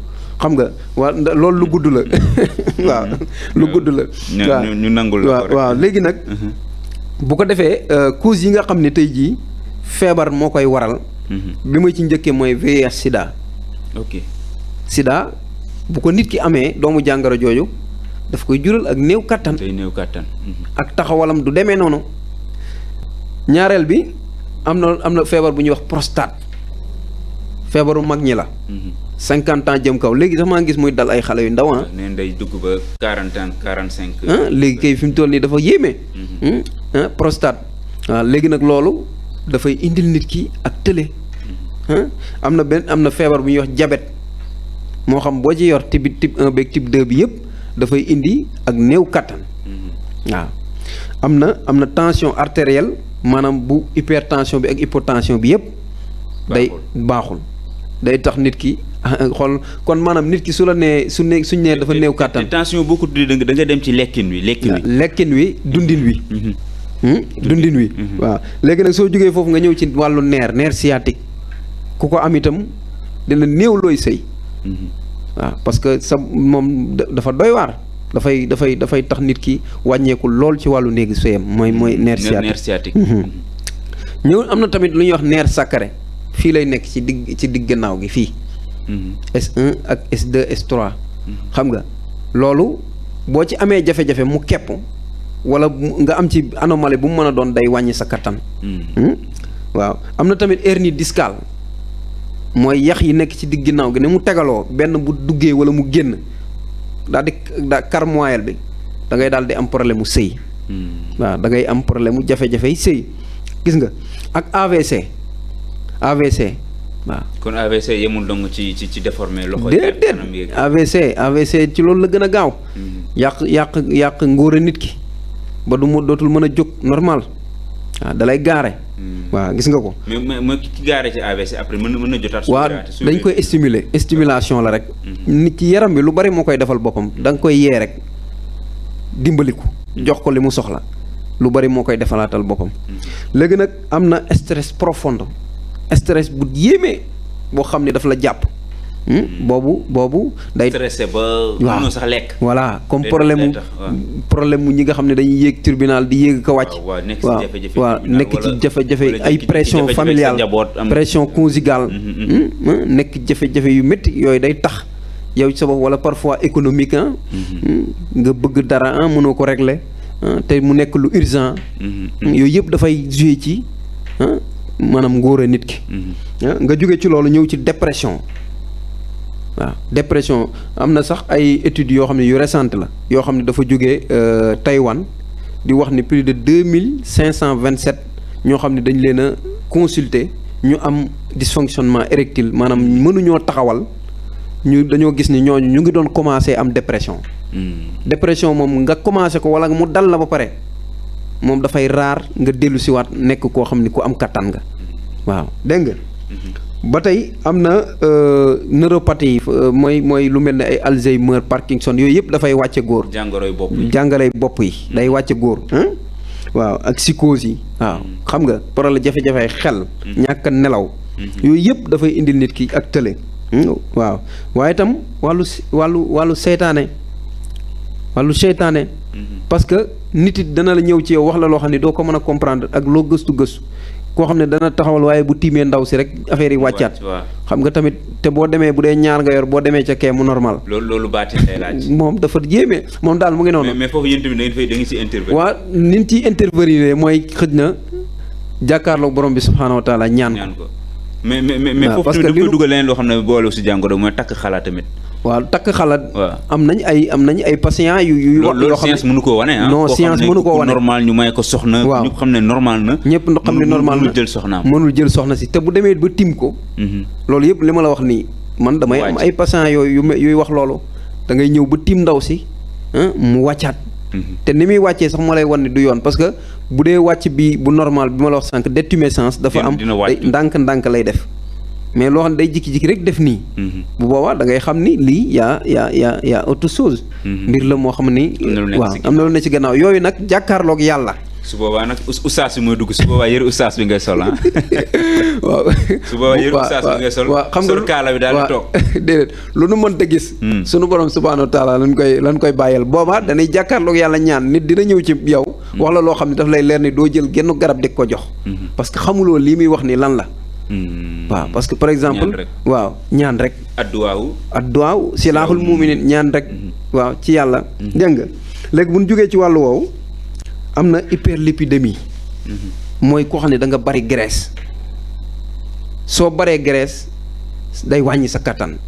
xam nga waa lu gudd la waaw gudd la. waaw léegi nag. Uh-huh. bu ko defee euh, causes yi nga xam ne tey jii feebar moo koy waral. Uh-huh. bi ma ci njëkkee mooy VIH Sida. ok bu ko nit ki amee doomu jàngaro jooju daf koy jural ak néew kattan. néew kattan. Uh-huh. ak taxawalam du demee noonu. ñaareel bi am na am na feebar bu ñuy wax prostate feebaru mag ñi la. Mhm. cinquante ans jëm kaw léegi sax maa ngis muy dal ay xale yu ndaw ah. nee day dugg ba quarante ans quarante cinq. Ah, léegi kay fi mu toll nii dafa yéeme. Mhm. Hmm? Ah, prostate waaw ah, léegi nag loolu dafay indi nit ki ak tële. Mhm. am na benn am na feebar bu ñuy wax jabet moo xam boo ci yor type type un beeg bi yëpp dafay indi ak néew kàttan waaw am na am na tension artérielle. maanaam bu hypertension bi ak hypotension bi yëpp. day baaxul day tax nit ki xool kon maanaam nit ki su la nee su ne suñ nee dafa néew kàttan. tension boo ko tuddee dem ci lekkin wi. lekkin wi lekkin wi dundin wi. Mhm. Hmm? dundin wi. Mhm. waaw léegi nag soo jógee foofu nga ñëw ci wàllu neer neer sciatique ku ko am itam dina néew looy sëy. Mhm. waaw parce que sa moom dafa doy waar. dafay dafay dafay tax nit ki wàññeeku lool ci wàllu néegi sëyam mooy mooy mm-hmm. nerf sciatique mm-hmm. Mm-hmm. ñëw am na tamit lu ñuy wax neer sacré fii lay nekk ci digg ci digg gannaaw gi fii s ak s xam nga loolu boo ci amee jafe-jafe mu kepp wala nga am ci anomalie bu mu mën a doon day wàññi sa kattan hmm? waaw am na tamit hernie discale mooy yax yi nekk ci digg ginnaaw gi ne mu tegaloo benn bu duggee wala mu génn daal di carmoyel bi da ngay daal di am problème mu sëy. Hmm. waaw da ngay am problème mu jafe-jafe sëy gis nga ak AVC. AVC waaw. kon AVC yemul dong ci ci ci déformé loxo déedéet AVC AVC ci loolu la gën a gaaw. Hmm. yàq yàq yàq ngóore nit ki ba du mu dootul mën a jóg normal waaw dalay gaare Mm. waaw gis nga ko. mais mais ki gaare ci AVC mën na mën na jotaat. waaw dañ koy stimuler stimulation la rek. Mm-hmm. nit ci yaram bi lu bari moo koy defal boppam danga koy yee rek dimbali ko jox ko li mu soxla lu bari moo koy defalaatal boppam. Mm-hmm. léegi nag am na stress profonde stress bu yéeme boo xam ne daf la jàpp. Hmm? boobu boobu. day stressé ba. waaw sax lekk. voilà comme problème mu problème mu ñi nga xam ne dañuy yéeg tribunal di yéeg ko wàcc. waaw waaw nekk ci jafe-jafe ay pression familiale pression conjugale. Mm-hmm, mm-hmm. Hmm? Hmm? nekk jafe-jafe yu métti yooyu day tax. yow ci sa bopp wala parfois économique ah. nga bëgg dara ah mënoo ko régler te mu nekk lu urgent. yooyu yëpp dafay joué ci ah maanaam ngóore nit ki. nga jóge ci loolu ñëw ci dépression. waaw dépression am na sax ay études yoo xam ne yu récente la yoo xam ne dafa jógee euh, Taïwan di wax ni plus de deux mille cinq cent vingt sept ñoo xam ne dañu leen a consulter ñu am dysfonctionnement érectile maanaam mënuñoo taxawal ñu dañoo gis ni ñooñu ñu ngi doon commencé am dépression. Hmm. dépression moom nga commencé ko wala mu dal la ba pare moom dafay raar nga dellu siwaat nekk koo xam ni ku am kattan nga hmm. waaw dégg hmm. ba tey am na euh, neuropathie euh, mooy mooy lu mel ne ay Alzheimer Parkinson yooyu yëpp dafay wàcce góor. jàngoroy bopp yi bopp yi hmm. day wàcce góor. waaw ak psychose yi. waaw hmm. xam nga problème jafe-jafe xel. Hmm. ñàkk nelaw. yooyu yëpp dafay indil nit ki ak tële. waaw waaye itam wàllu wàllu wàllu seytaane wàllu seytaane. parce que nit it dana la ñëw ci yow wax la loo xam ne doo ko mën a comprendre ak loo gëstu gëstu koo xam ne dana taxawal waaye bu tiimee ndaw si rek affaire yi wàccaat xam nga tamit te boo demee bu dee ñaar nga yor boo demee ca kee mu normal loolu loolu baatin lay laaj moom dafa jéemee moom daal mu mais foofu yéen tamit da ngeen waa nin ci intervenir mooy xëj na jàkkaarloog borom bi subhaanahu wa taala ñaan ko mais mais mais foofu tamit dafa dugal leneen loo xam ne boole si jàngoro mooy takk xalaatamit waaw takk xalaat. am nañ ay am nañ ay patients yu yu. yoo xam ne loolu science ko wane ah. non science mënu ko wane normal ñu may ko soxna. waaw xam ne normal na. ñëpp xam ne normal na mënul jël soxnaam. jël soxna si te bu demee ba tim ko. Mhm. loolu yëpp li ma la wax nii. man damay am ay patients yooyu yuy wax loolu. da ngay ñëw ba tim ndaw si mu wàccaat. Mhm. te ni muy wàccee sax ma lay wan ne du yoon parce que bu dee wàcc bi bu normal bi ma la wax sànq détumescence dafa am ndànk ndànk lay def mais loo xam ne day jikki-jikki rek def nii mhm. bu boobaa da ngay xam ni lii yaa yaa yaa yaa autre mhm. mbir la moo xam ni waaw am na lu ne ci gannaaw yooyu nag jàkkaarloog yàlla su boobaa nag ustaas bi mooy dugg su boobaa yëre ustaas bi ngay sol ah. waaw su boobaa yëre ustaas bi ngay sol. xam nga sol kaala bi daal di toog. lu nu mënta gis. Hmm. sunu borom subhaanahu wa taala lan koy lan koy bàyyal boobaa danay jàkkaarloog yàlla ñaan nit dina ñëw ci yow. Hmm. wax la loo xam ne daf lay leer ni doo jël genn garab di ko jox. Hmm. parce que xamuloo lii muy wax ni lan la. Hmm. waaw parce que par exemple. waaw ñaan rek. adduwaaw. adduwaaw si laaxul muuminin ñaan rek. Hmm. waaw ci yàlla. Hmm. dégg nga léegi bu ñu jógee ci wàllu woowu. am na hyperlipidémie. mooy koo xam ne da nga bari graisse. soo baree graisse day wàññi sa kattan.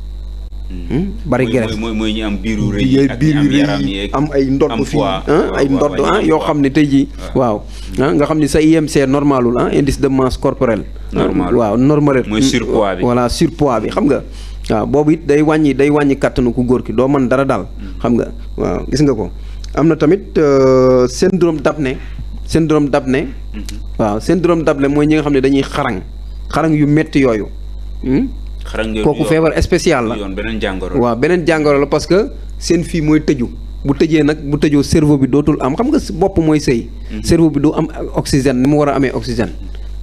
Hmm? bari greffe mooy mooy ñi am biir yu rëy biir yu am ay ndodd fii ay ndodd yoo xam ne tey jii waaw ah nga xam ne sa IMC normalul indi indice de masse corporelle waaw normal mooy surpoids bi voilà surpoids bi xam nga waaw boobu it day wàññi day wàññi kàttanu ku góor ki doo man dara daal xam nga waaw gis nga ko am na tamit euh, syndrome d'apnée syndrome ne mhm. waaw syndrome d'apnée mooy ñi nga xam ne dañuy xarañ xaran yu metti yooyu hmm? kooku feebar spécial la waaw beneen jàngoro la parce que seen fii mooy tëju bu tëjee nag bu tëjoo cerveau bi dootul am xam nga bopp mooy sëy mhm. cerveau bi du am oxygène ni mu war a amee oxygène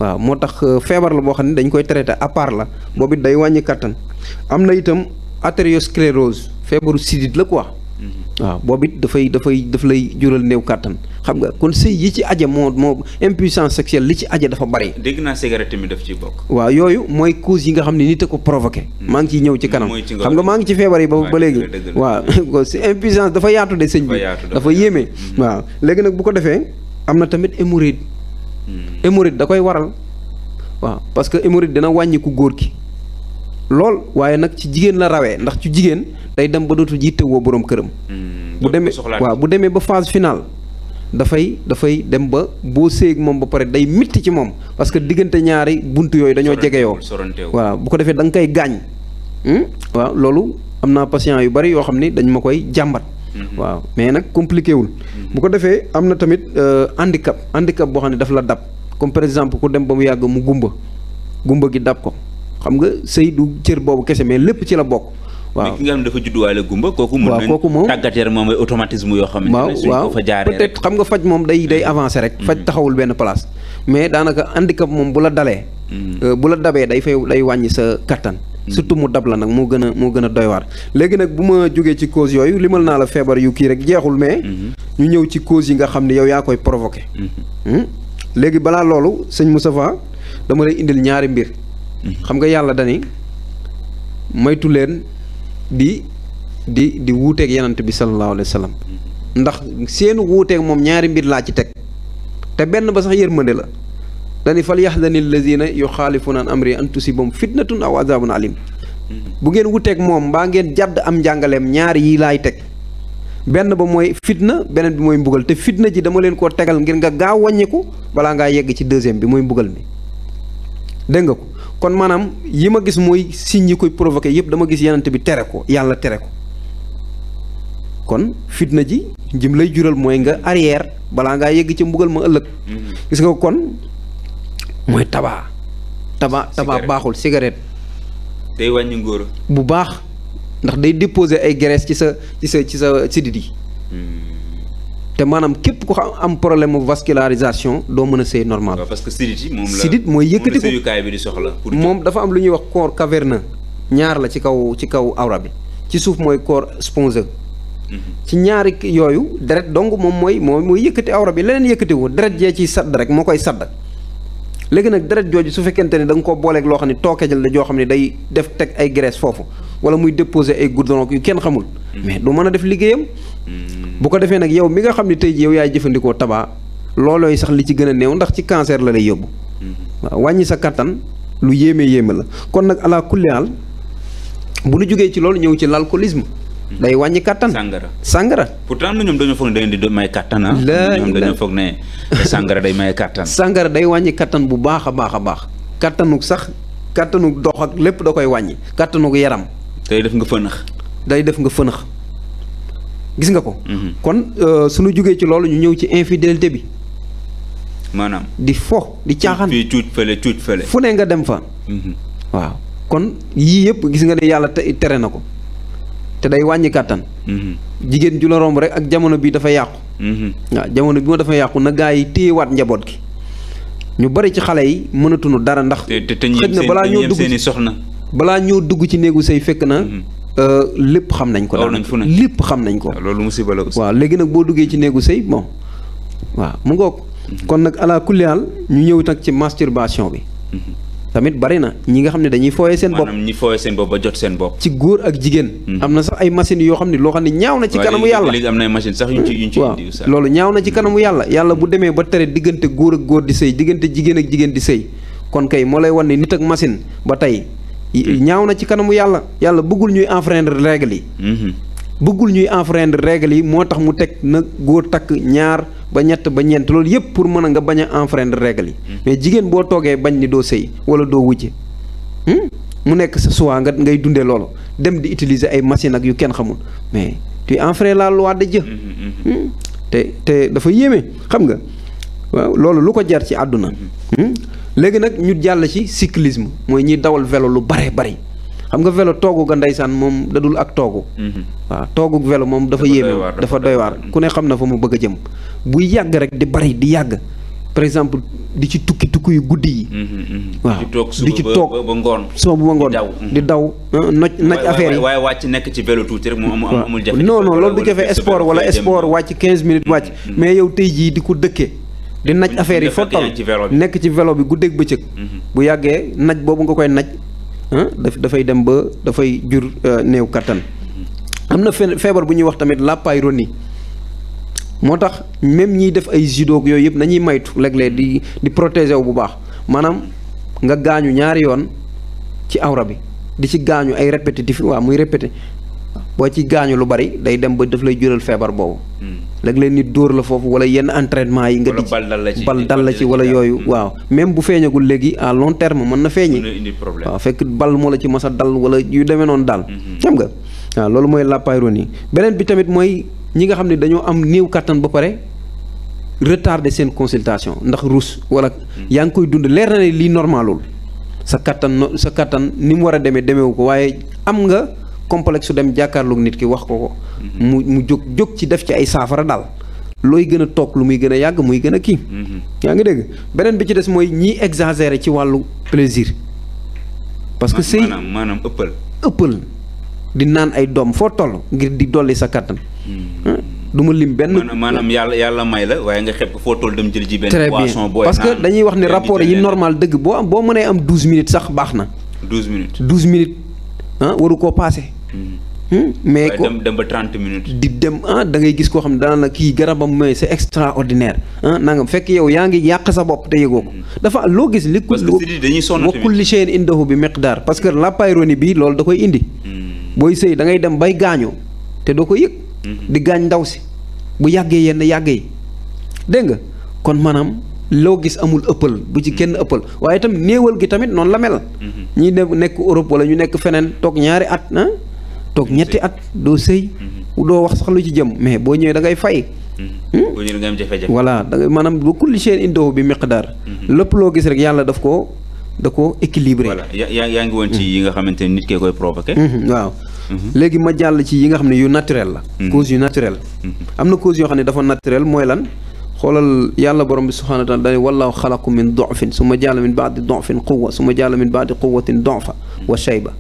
waaw moo tax euh, feebar la boo xam ne dañ koy traité à part la boobu it day wàññi kàttan am na itam artériosclérose feebaru sidit la ko waaw boobu it dafay dafay daf lay jural néew kàttan xam nga kon sëy yi ci aja moo moo impuissance sexuelle li ci aja dafa bari. dégg naa cigarette mi daf ciy bokk. waaw yooyu mooy cause yi nga xam ne nit a ko provoqué. Hmm. maa ngi ciy ñëw ci kanam xam nga maa ngi ci feebar yi ba ba léegi. waaw si impuissance dafa yaatu de sëñ bi dafa yéeme. Hmm. waaw léegi nag bu ko defee am na tamit hémorroïde. Hmm. hémorroïde da koy waral waaw parce que hémorroïde dina wàññi góor gi lool waaye nag ci jigéen la rawee ndax ci jigéen day dem ba dootul yittewoo boroom këram. Hmm, bu demee waaw bu demee ba phase finale. dafay dafay dem ba boo séeg moom ba pare day mitti ci moom parce que diggante ñaari bunt yooyu dañoo jegeyoo waaw bu ko defee danga nga koy gaañ. Hmm? waaw loolu am naa patient yu bari yoo xam ni dañ ma koy jàmbat. Hmm. waaw mais nag compliqué wul. bu ko defee am na tamit euh, handicap handicap boo xam ne daf la dab comme par exemple ku dem ba mu yàgg mu gumba gumba gi dab ko. xam nga sëy du cër boobu kese mais lépp ci la bokk. waaw ki dafa judduwaale gumba kooku mun nañ kooku moom tàggateer moom ay automatisme yoo xam ne waaw fa jaaree peut xam nga faj moom day day mm. avancé rek mm. faj taxawul benn place mais daanaka handicap moom bu la dalee mm. euh, bu la dabee day fay day wàññi sa kattan surtout mu dab la nag moo gën a moo gën a doy waar léegi nag bu ma jógee ci cause yooyu limal naa la feebar yu kii rek jeexul mais mm-hmm. ñu ñëw ci cause yi nga xam ne yow yaa koy provoqué mm-hmm. hmm? léegi balaa loolu sëñ Moustapha dama lay indil ñaari mbir xam nga yàlla dani moytu leen di di di wuuteeg yenant bi sallallahu alayhi wa ndax seenu wuuteeg moom ñaari mbir laa ci teg te benn ba sax yërmande la dani fal yaxdani allazina yuxaalifuuna an amri an tusibum fitnatun aw azabun alim bu ngeen wuteeg moom mbaa ngeen jàdd am njàngaleem ñaar yi laay teg benn ba mooy fitna beneen bi mooy mbugal te fitna ji dama leen koo tegal ngir nga gaaw wàññiku balaa ngaa yegg ci deuxième bi mooy mbugal mi dégg nga ko kon maanaam yi ma gis mooy signes yi koy provoqué yëpp dama gis yenant bi tere ko yàlla tere ko kon fitna ji jim lay jural mooy nga arrière balaa ngaa yegg ci mbugal ma ëllëg. Mm-hmm. gis nga kon mooy tabaa. tabaa tabaa baaxul cigarette. day wàññi ngóor. bu baax ndax day déposer ay graisse ci sa ci sa ci sa sidit yi. Mm. te maanaam képp ku xam am problème mu vascularisation doo mën a sëy normal. parce que sidit moom la sidit mooy yëkkati ko sëyukaay bi di soxla. moom dafa am lu ñuy wax corps caverneux ñaar la ci kaw ci kaw awra bi ci suuf mooy corps spongieux. Mhm. ci ñaari yooyu deret donc moom mooy moom mooy yëkkati awra bi leneen yëkkatiwu deret jee ciy sadd rek moo koy sadd. léegi nag deret jooju su fekkente ne da nga koo booleeg loo xam ne tookejal la joo xam ne day def teg ay graisse foofu wala muy déposer ay goudron yu kenn xamul. Mhm. mais du mën a def liggéeyam. Mhm. bu ko defee nag yow mi nga xam ne tey ji yow yaay jëfandikoo tabac loolooy sax li ci gën a néew ndax ci cancer la lay yóbbu mm-hmm. wàññi sa kàttan lu yéeme yéeme la kon nag ala bu nu jógee ci loolu ñëw ci l'alcoolisme mm-hmm. day wàññi kàttan sàngara sàngara pourtant am na ñoom dañoo foog ne day may kattan ah foog ne sàngara day may kattan sàngara day wàññi kàttan bu baax a baax a baax kattanuk sax kattanuk dox ak lépp da koy wàññi kattanuk yaram day def nga fënax day def nga fënax gis nga ko. Mhm. kon euh, suñu jógee ci loolu ñu ñëw ci infidélité bi. maanaam di fo di caaxaan fii tuut fële tuut fu ne nga dem fa. Mhm. waaw kon yii yëpp gis nga ne yàlla tere na ko te day wàññi kàttan. Mhm. jigéen ju la romb rek ak jamono bi dafa yàqu. waaw jamono bi ma dafa yàqu na gaa yi téyewaat njaboot gi ñu bari ci xale yi mënatuñu dara ndax. te te te na balaa ñoo dugg ci balaa ñoo dugg ci néegu sëy fekk na. Euh, lépp xam nañ ko. daanaka lépp xam nañ ko. Ah, loolu musiba la aussi. waaw léegi nag boo duggee ci néegu sëy moom waaw mu ngoog. Mhm. kon nag ala kulli ñu ñëw nag ci masturbation bi. Mhm. tamit bari na ñi nga xam ne dañuy fooyee seen bopp maanaam ñi seen bopp ba jot seen bopp. ci góor ak jigéen. Mhm. am na sax ay machines yoo xam ne loo xam ne ñaaw na ci kanamu yàlla léegi na ay machines sax yu ñu ci loolu ñaaw na ci kanamu yàlla yàlla bu demee ba tere diggante góor ak góor di sëy diggante jigéen ak jigéen di sëy kon kay moo lay wan ne nit ak machine ba tey Hmm. ñaaw na ci kanamu yàlla yàlla bëggul ñuy enfreindre règle yi hmm. bëggul ñuy enfreindre règle yi moo tax mu teg na góor takk ñaar ba ñett ba ñeent loolu yëpp pour mën nga bañ a enfreindre règle yi hmm. mais jigéen boo toogee bañ ni doo sëy wala doo wujje mu nekk sa choix nga ngay dundee loolu dem di utiliser ay machine ak yu kenn xamul mais tu enfreins la loi de Dieu te te dafa yéeme xam nga loolu lu ko jar ci àdduna léegi nag ñu jàll ci cyclisme mooy ñiy dawal velo lu bare bari xam nga velo toogu ga ndeysaan moom dul ak toogu. Mhm. waa toogu vélo moom dafa yéeme dafa doy waar ku ne xam na fa mu bëgg a jëm buy yàgg rek di bari di yàgg par exemple di ci tukki tukki yu guddi yi. waaw mhm, mhm. di ci toog ba ngoon suba ba ngoon di daw ah, noj naj affaire yi waaye wàcc nekk ci vélo tuuti rek mu amul jafe non non loolu du jafe sport wala sport wàcc 15 minutes wàcc mais yow tey jii di ko dëkkee. di naj affaire yi fottal nekk ci velo bi guddeeg bëccëg mhm. bu yàggee naj boobu nga koy naj dafay dem ba dafay jur euh, néew kattan mhm. am na feebar bu ñuy wax tamit la pyrorhini moo tax même ñiy def ay judo yooyu yëpp nañuy maytu léeg-léeg di di protéger wu bu baax maanaam nga gaañu ñaari yoon ci awra bi di ci gaañu ay répétitif waaw muy répété boo ci gaañu lu bari day dem ba daf lay jural feebar boobu. léeg leen nit dóor la foofu wala yenn entraînement yi. nga di ci bal dal la ci wala yooyu. Mm. waaw même bu feeñagul léegi à lon terme mën na feeñi. waaw fekk bal moo la ci mës a dal wala yu demee noonu daal. Mm-hmm. xam nga waaw loolu mooy laparonie beneen bi tamit mooy ñi nga xam ne dañoo am néew kàttan ba pare retardé seen consultation ndax ruus wala. Mm. yaa ngi koy dund leer na ne lii normalul sa kattan sa kattan ni mu war a demee demeewu ko waaye am nga. complexe su dem jàkkaarloog nit ki wax ko ko. mu mu jóg jóg ci def ci ay saafara daal. looy gën a toog lu muy gën a yàgg muy gën a kii. Mm-hmm. yaa ngi dégg beneen bi ci des mooy ñiy exagérer ci wàllu plaisir. parce que sëy maanaam maanaam ëppal. ëppal di naan ay doom foo toll ngir di dolli sa kattan. Mm-hmm. du ma lim benn. maanaam yàlla yàlla may la waaye nga xepp foo toll dem jël ci benn. très bien parce que dañuy wax ne rapport yi normal dëgg boo am boo mënee am douze minutes sax baax na. douze minutes douze minutes. ah waru koo paase. Mm-hmm. Hmm? mais ko dem ba trente minutes. di dem ah da gis koo xam ne daan na kii garabam mooy c'est extraordinaire ah na nga fekk yow yaa ngi yàq sa bopp te yëgoo ko mm-hmm. dafa loo gis. li dañuy sonn tamit kulli shay'in indahu bi miqdaar parce que la bi loolu da koy indi. Mm-hmm. booy sëy da ngay dem bay gaañoo te doo ko yëg. di gaañ ndaw si bu yàggee yenn yàgg yi dégg nga kon maanaam. loo gis amul ëppal bu ci kenn ëppal waaye itam néewal gi tamit noonu la mel. Mhm. ñi dem nekk Europe wala ñu nekk feneen toog ñaari at na ah, toog ñetti at doo sëy. Mhm. doo wax sax lu ci jëm mais boo ñëwee da ngay fay. Mhm. Hmm? boo ñëwee da jafe-jafe. voilà da ngay maanaam bu kulli shay'in indahu bi miqdaar. lépp loo gis rek yàlla daf ko da koo équilibré. voilà yaa yaa ngi woon ci hmm. yi nga xamante ni nit kee koy hmm, waaw léegi ma jàll ci yi nga xam ne yu naturel la. cause yu naturel. am na cause yoo xam ne dafa naturel mooy lan. xoolal yàlla borom bi subhaana wa taala dane wallaahu xalaqu min dofin su ma jàll min baadi dofin quwa su ma jàll min baadi quwatin dofa wa shayba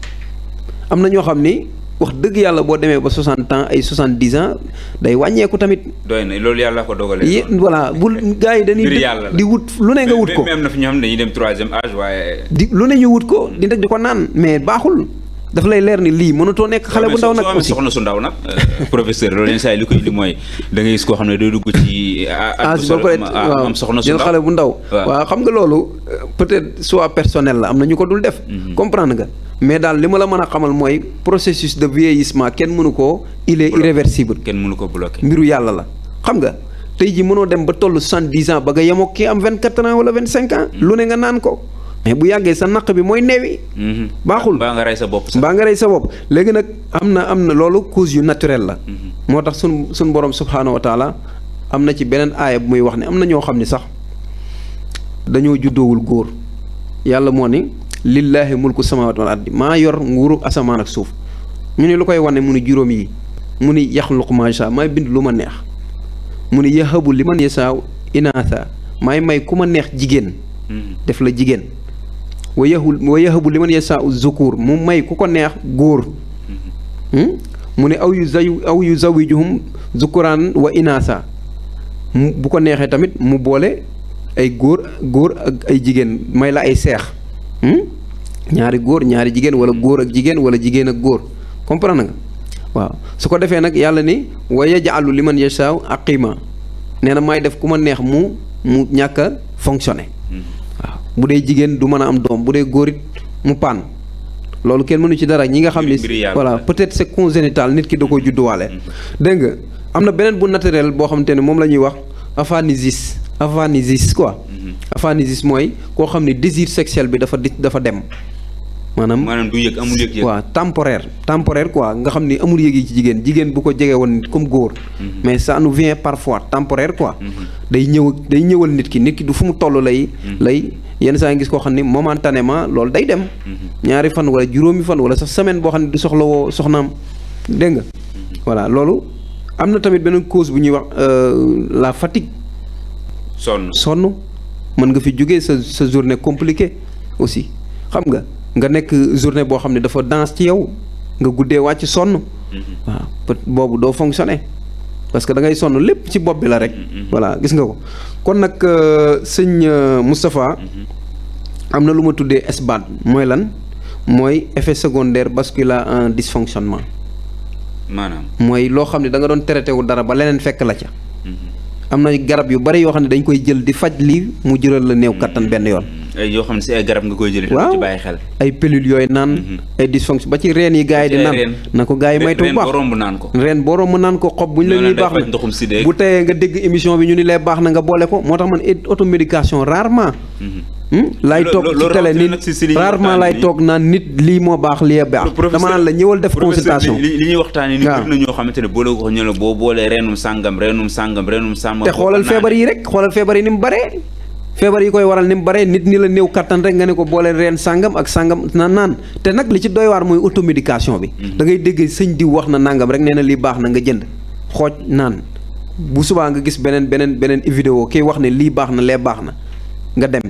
am na ñoo xam ni wax dëgg yàlla boo demee ba soixante ans ay soixante dix ans day wàññeeku tamit. doy na loolu yàlla ko dogalee. yé voilà bu gars yi dañuy. di wut lu ne nga wut ko. même na fi ñoo xam ne dem troisième âge waaye. di lu ne ñu wut ko di rek di ko naan mais baaxul. dafa lay leer ni lii mënatoo nekk xale bu ndaw nag aussi su ndaw nag euh, professeur loolu yenn saa yi li koy li mooy da ngay gis koo xam ne day dugg ci âge ba pare waaw am soxna su ndaw xale bu ndaw waaw xam nga loolu euh, peut-être soit personnel la am na ñu ko dul def mhm. comprendre nga mais daal li ma la mën a xamal mooy processus de vieillissement kenn mënu koo il est irréversible kenn mënu ko bloquer mbiru yàlla la xam nga tey ji mënoo dem ba toll soixante-dix ans ba nga yemoo kii am vingt-quatre ans wala vingt-cinq mhm. lu ne nga naan ko bu yàggee sa naq bi mooy neewi mhm. baaxul baa nga rey sa bopp baa nga rey léegi nag am na am na loolu cause yu naturel la mhm. moo tax sun suñ borom subhaanahu wa am na ci beneen aaya bu muy wax ne am na ñoo xam ni sax dañoo juddoowul góor yàlla moo ne lillaahi mulku samawati wal ardi maa yor nguuru asamaan ak suuf mu ne lu koy wane mu ni juróom yi mu ni yaxluq maa saa maay bind lu ma neex mu ni yahabu liman yasaaw inaasa maay may ku ma neex jigéen mhm. def la jigéen wa yahu wa yahabu liman yashaa'u zukuur mu may ku ko neex góor hmm? mu ne aw yu zaw aw yu zawijuhum zukuraan wa inaasa bu ko neexee tamit mu boole ay góor góor ak ay jigéen may la ay seex hmm? ñaari góor ñaari jigéen wala góor ak jigéen wala jigéen ak góor comprendre nga waaw su ko defee nag yàlla ni wa yaj'alu liman yashaa'u aqiima nee na may def ku ma neex mu mu ñàkk a bu dee jigéen du mën a am doom bu dee góor mu paan loolu kenn mënu ci dara ñi nga xam ni voilà peut-être c'est congénital nit ki da ko judduwaale. Mm-hmm. dégg nga am na beneen bu naturel boo xamante ne moom la ñuy wax aphanesis aphanesis quoi. Mm-hmm. aphanesis mooy koo xam ne désir sexuel bi dafa di dafa dem. maanaam maanaam du yëg amul yëg yëg waaw temporaire temporaire nga xam ni amul yëg yi ci jigéen jigéen bu ko jege woon nit comme góor. Mm-hmm. mais ça nous vient parfois temporaire quoi. day ñëw day ñëwal nit ki nit ki du fu mu toll lay. lay yenn saa ngis koo xam ni momentanément loolu day dem. Mhm. ñaari fan wala juróomi fan wala sa semaine boo xam ne du soxla woo soxnaam dégg nga. Mhm. voilà loolu am na tamit beneen cause bu ñuy wax euh, la fatigue. sonn sonn mën nga fi jógee sa sa journée compliquée aussi xam nga nga nekk journée boo xam ne dafa danse ci yow nga guddee wàcc sonn. Mhm. waaw boobu doo fonctionner. parce que da ngay sonn lépp ci bopp bi la rek. Mm-hmm. Mm-hmm. voilà gis nga ko kon nag euh, sëñ euh, Moustapha. Mm-hmm. am na lu ma tuddee SBAD mooy lan mooy effet secondaire basculant en dysfonctionnement. maanaam mooy loo xam ne da nga doon traité wu dara ba leneen fekk la ca. am na garab yu bari yoo xam ne dañ koy jël di faj li mu jural la néew kattan benn yoon. yoo xam ne ay garab nga koy jëlee. ci bàyyi xel ay pilules yooyu naan. Mhm. ay dysfonction ba ci reen yi gars yi di naan. na ko gars yi maytu bu baax reen boo romb naan ko xob bu ñu la ñuy baax na bu teyee nga dégg émission bi ñu ni lay baax na boole ko moo tax man automédication rarement. Mhm. Hmm? laay toog ci télé nit rarement laay toog naan nit lii moo baax lii naan la ñëwal def consultation li ñuy waxtaanee ni bëri na ñoo xamante ne boole ko ñu la boo boolee reenum sàngam reenum sàngam reenum sàngam te xoolal feebar yi rek xoolal feebar yi ni mu bare feebar yi koy waral ni mu bare nit ñi la néew kàttan rek nga ne ko boole reen sàngam ak sàngam na naan te nag li ci doy waar mooy automédication bi. Mm-hmm. da ngay dégg sëñ diw wax na nangam rek nee na lii baax na nga jënd xooj naan bu subaa nga gis beneen beneen beneen vidéo kii wax ne lii baax na lee baax na nga dem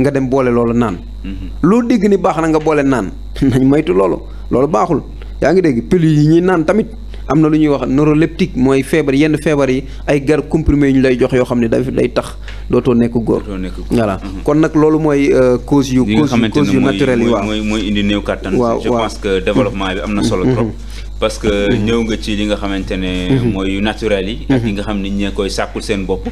nga dem boole loolu naan. Mm-hmm. loolu dégg ni baax na nga boole naan nañ moytu loolu loolu baaxul yaa ngi dégg pilu yi ñuy naan tamit. am na lu ñuy wax neuroleptique mooy feebar yenn feebar yi ay gar comprimé yu ñu lay jox yoo xam ne daf day tax dootoo nekk góor. voilà mhm. kon nag loolu mooy euh, cause yu. cause yu cause yu naturel yi waaw mooy mooy indi néew kàttan. waaw je pense que bi am na solo mhm. parce que mhm. ñëw nga ci li nga xamante ne mooy naturel yi ak yi nga xam ne ñee koy sàkkul seen bopp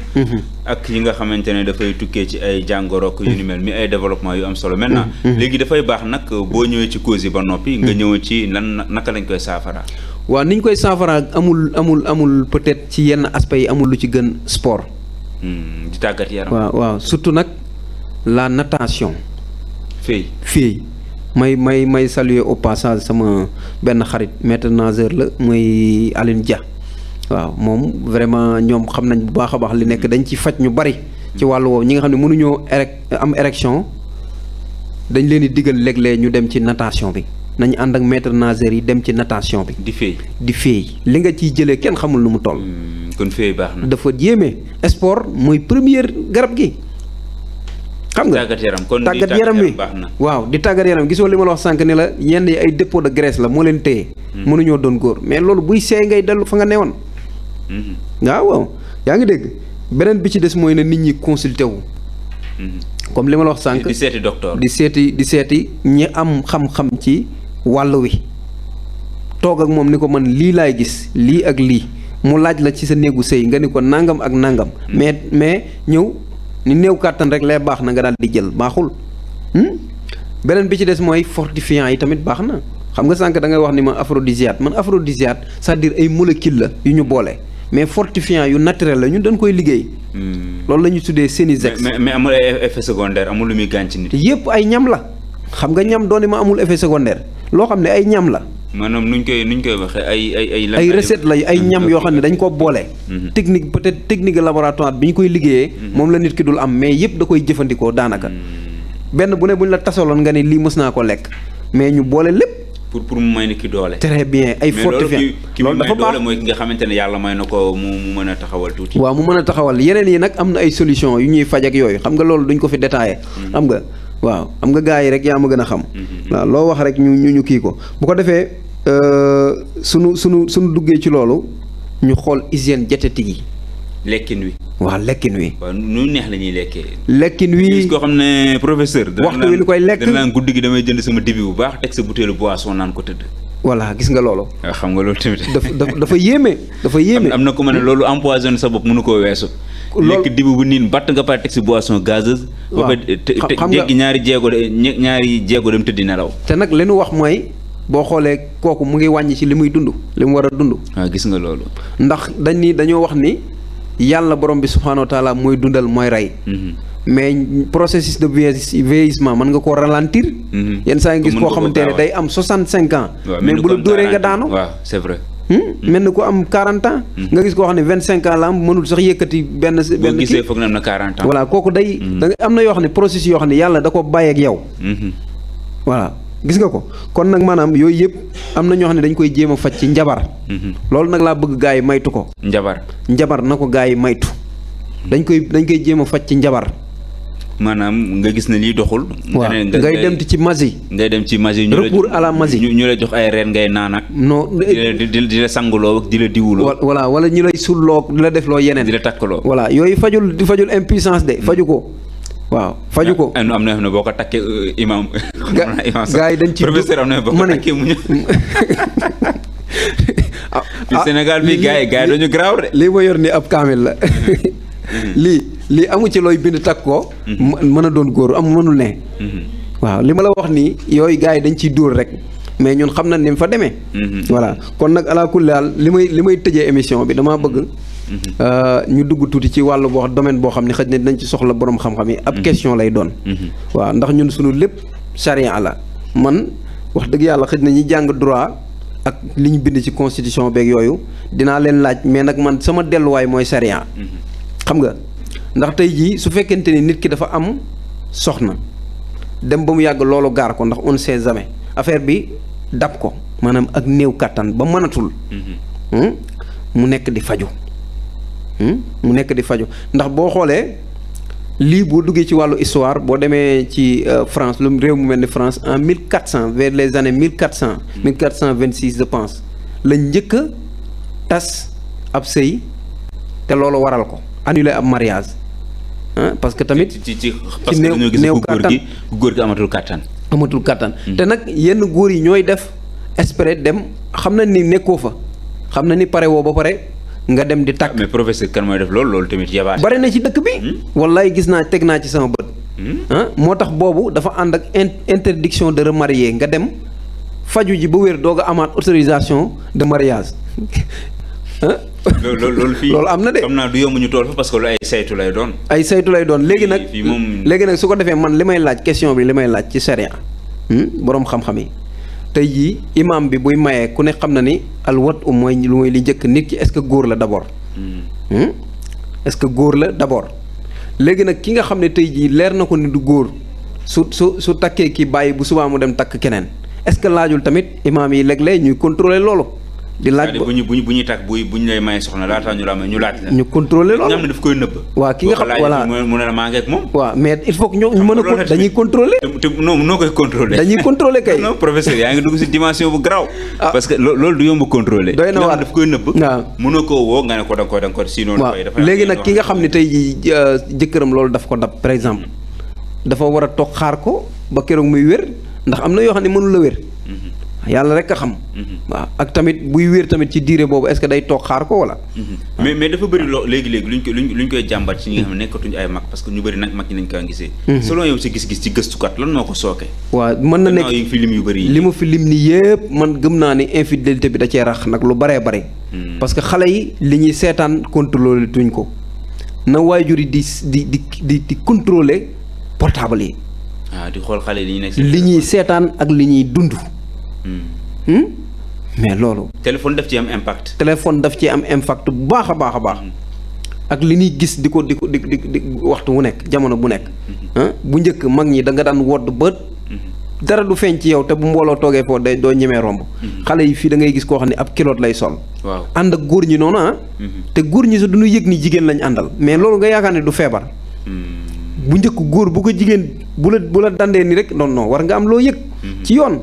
ak yi nga xamante ne dafay tukkee ci ay jàngorook yu ni mel mi ay développement yu am solo maintenant léegi dafay baax nag boo ñëwee ci cause yi ba noppi nga ñëw ci lan naka lañ koy saafara waa ni koy saafara amul amul amul peut-être ci yenn aspects yi amul lu ci gën sport. Hmm, di tàggat yaram waaw waaw surtout nag la natation. fii fii may may may saluer au passage sama benn xarit maître nageur la muy Aline Dia. waaw moom vraiment ñoom xam nañ bu baax a baax li nekk dañ ci faj ñu bari. ci wàllu woow ñi nga xam ne mënuñoo érec am érection dañ leen di digal léeg ñu dem ci natation bi. nañu ànd ak maître nageur yi dem ci natation bi. di féey di féey li nga ciy jëlee kenn xamul lu mu toll. Hmm, kon féey na. dafa jéeme sport mooy première garab gi. xam nga tàggat yaram kon tàggat yaram bi waaw di tàggat yaram gisoo li ma la wax sànq ne la yenn yi ay dépôt de graisse la moo leen téye. Hmm. mënuñoo doon góor mais loolu buy seey ngay dellu fa nga newoon. Hmm. waaw waaw yaa ngi dégg beneen bi ci des mooy na nit ñi consulté wu. comme li ma la wax sànq. di seeti di seeti di seeti ñi am xam-xam ci. wàll wi toog ak moom ni ko man lii laay gis lii ak lii mu laaj la ci sa néegu sëy nga ni ko nangam ak nangam. Hmm. mais mais ñëw ni néew kàttan rek lay baax na nga daal di jël baaxul. Hmm? beneen bi ci des mooy fortifiant yi tamit baax na xam nga sànq da ngay wax ni ma aphrodisiaque man aphrodisiaque c'est-à-dire ay molécules la yu ñu boole. mais fortifiant yu naturel la ñun dañ koy liggéey. Hmm. loolu la ñuy tuddee Senisex. mais mais amul ay effet secondaire amul lu muy gaañ ci nit. yépp ay ñam la xam nga ñam doon ma amul effet secondaire. loo xam ne ay ñam la. maanaam nuñ koy nuñ koy waxee ay ay ay. la ay mm-hmm. ñam yoo xam ne dañ ko boole. Mm-hmm. technique peut-être technique laboratoire bi ñu koy liggéeyee. Mm-hmm. moom la nit ki dul am mais yëpp da koy jëfandikoo daanaka. benn bu ne bu ñu la tasaloon nga ne lii mës naa ko lekk mais ñu boole lépp. pour pour mu may ni ki doole. très bien ay fortifiant loolu dafa baax mooy ki nga xamante ne yàlla may na ko mu mën a taxawal tuuti. waaw mu mën a taxawal yeneen yi nag am na ay solution yu ñuy faj yooyu xam nga loolu duñ ko fi détaillé. xam waaw am nga gars yi rek yaa ma gën a xam. Mm-hmm. waaw loo wax rek ñu ñu ñu kii ko bu ko defee euh, sunu sunu sunu duggee ci loolu ñu xool hygiène ti yi. lekkin wi. waaw lekkin wi. waaw nu neex la ñuy lekkee. lekkin wi gis koo xam ne professeur. waxtu wi lu koy lekk dana naan guddi gi damay jënd sama dibi bu baax teg sa butéelu boisson naan ko tëdd. voilà gis nga loolu. Ah, xam nga loolu tamit. dafa dafa yéeme dafa yéeme. am na ku ma ne loolu empoisonné sa bopp mënu koo weesu. loolu lekk dibu bu niin batt nga pare teg si boisson gazeuse. waaw xam nga ñaari jéego de ñaari jéego dem tëddi nelaw. te nag li nu wax mooy boo xoolee kooku mu ngi wàññi ci li muy dund li mu war a dund. waaw ah, gis nga loolu. ndax dañ ni dañoo wax ni yàlla borom bi subhaanahu wa mooy dundal mooy rey. Mhm. mais processus de vieillissement mën nga koo ralentir. Mhm. yenn saa yi gis koo xamante ne day am 65 ans. mais bu la dóoree nga daanu mel hmm? hmm. na ko am 40 hmm. nga gis koo xam ne vingt ans la am mënul sax yëkkati benn. benn kii boo na am na 40 ans. kooku day. da am na yoo xam ne processus yoo xam ne yàlla da ko bàyyeeg yow. voilà gis nga ko kon nag maanaam yooyu yëpp am na ñoo xam ne dañ koy jéem a faj ci njabar. loolu nag laa bëgg gaa yi maytu ko. njabar njabar na ko gaa yi maytu. dañ koy dañ koy jéem a faj ci njabar. maanaam nga gis ne lii doxul. waaw ngay dem ci masi. ngay dem ci masi ñu recours à la masi ñu lay jox ay reen ngay naan ak. non di eh, di la sanguloo ak di la diwuloo. voilà wala ñu lay sulloo di la def loo yeneen. di la takkaloo voilà yooyu fajul di fajul impuissance de faju ko. waaw faju ko ah, ah, am na xam boo ko takkee euh, imam. gaa yi dañ ci professeur am na boo ko takkee mu ah, ah Sénégal bi gaa yi gaa yi dañu garaaw de. lii ma yor ni ab kaamil la mm-hmm. lii. lii amu ci looy bind takk ko. Mhm. mën a doon góor am mënul ne. Mhm. waaw li ma la wax nii yooyu gars yi dañ ciy dóor rek mais ñun xam na ni mu fa demee. Mhm. voilà kon nag ala kulli li may li may tëjee émission bi damaa bëgg. Euh, ñu dugg tuuti ci wàll boo domaine boo xam ne xëj na dinañ ci soxla borom xam-xam yi. ab question lay doon. waaw ndax ñun suñu lépp charia la man wax dëgg yàlla xëj na ñi jàng droit ak li ñu bind ci constitution beeg yooyu dinaa leen laaj mais nag man sama delluwaay mooy charia. xam ndax tey jii su fekkente ni nit ki dafa am soxna dem ba mu yàgg loolu gaar ko ndax on ne sait affaire bi dab ko maanaam ak néew kàttan ba mënatul. Mm-hmm. Hmm? mu nekk di faju hmm? mu nekk di faju ndax boo xoolee lii boo duggee ci wàllu histoire boo demee ci euh, France lu réew mu mel ni France en mille quatre cent vers les années mille quatre cent. Mm-hmm. mille quatre cent vingt six je pense la njëkk a tas ab sëy te loolu waral ko annuler ab mariage. parce que tamit. ci ci parce que dañoo gis ku góor gi góor gi amatul kàttan. amatul kàttan hmm. te nag yenn góor yi ñooy def espérer dem xam na ni nekkoo fa xam na ni pare woo ba pare nga dem di tàkk. mais professeur def loolu loolu tamit yabaate. bare na ci dëkk bi. Hmm? wallaay gis naa teg naa ci sama bët. Hmm? moo tax boobu dafa ànd ak interdiction de remarier nga dem faju ji ba wér doog a amaat autorisation de mariage loolu loolu fii loolu am na de. xam naa du yomb ñu tool fa parce que lu ay saytu lay doon. ay saytu lay doon léegi nag léegi nag su ko defee man li may laaj question bi li may laaj ci sharia hmm? boroom xam-xam yi tey jii imaam bi buy mayee ku ne xam na ni alwat u mooy lu mooy li njëkk nit ki est-ce que góor la d'abord. Hmm. Hmm? est que góor la d'abord léegi nag ki nga xam ne tey jii leer na ko ni du góor su su su takkee kii bàyyi bu subaa mu dem takk keneen est-ce que laajul tamit imaam yi léeg-léeg ñuy contrôler di laaj bu ñu bu ñu bu ñuy takk bu ñu lay may soxna laata ñu la may ñu laaj la. ñu contrôler loolu ñoom daf koy nëbb. waa ki nga ne la maa ngi a. dañuy contrôler. Ah. ko da euh, dab par exemple dafa war a toog xaar ko ba keroog muy wér ndax am na yoo xam ne mënula wér yàlla rek a xam. Mm-hmm. waa ak tamit buy wér tamit ci diire boobu est-ce que day toog xaar ko wala. Mm-hmm. mais mais dafa bëri loo léegi léegi luñ koy luñ koy jàmbat ci ñi nga xam ne mm-hmm. ay mag parce que ñu bari nag mag ñi nañ kaa gisee. selon yow si gis-gis ci gëstukat lan moo ko sooke. waaw mën na nekk yi fi lim yu bëri li ma fi lim ni yëpp man gëm naa ni infidélité bi da cee rax nag lu baree bare. parce que xale yi li ñuy seetaan contrôlé tuñ ko na waajur yi di di di di di contrôlé portable yi. waaw ah, di xool xale yi li ñuy seetaan ak li ñuy dund hum mais loolu. téléphone daf ci am impact. téléphone daf ci am impact bu baax a baax a baax. ak li ñuy gis di ko di ko di di waxtu wu nekk jamono bu nekk. Hmm. bu njëkk mag ñi da nga daan wodd bët. Hmm. dara du feeñ ci yow te bu mbooloo toogee foofu day doo ñemee romb. Hmm. xale yi fii da ngay gis koo xam ne ab kiloot lay sol. waaw ànd ak góor ñi noonu ah. te góor ñi sax du ñu yëg ni jigéen lañ àndal mais loolu nga yaakaar ne du feebar. bu njëkk góor bu ko jigéen bu la bu la dandee ni rek non non war nga am loo yëg. ci yoon.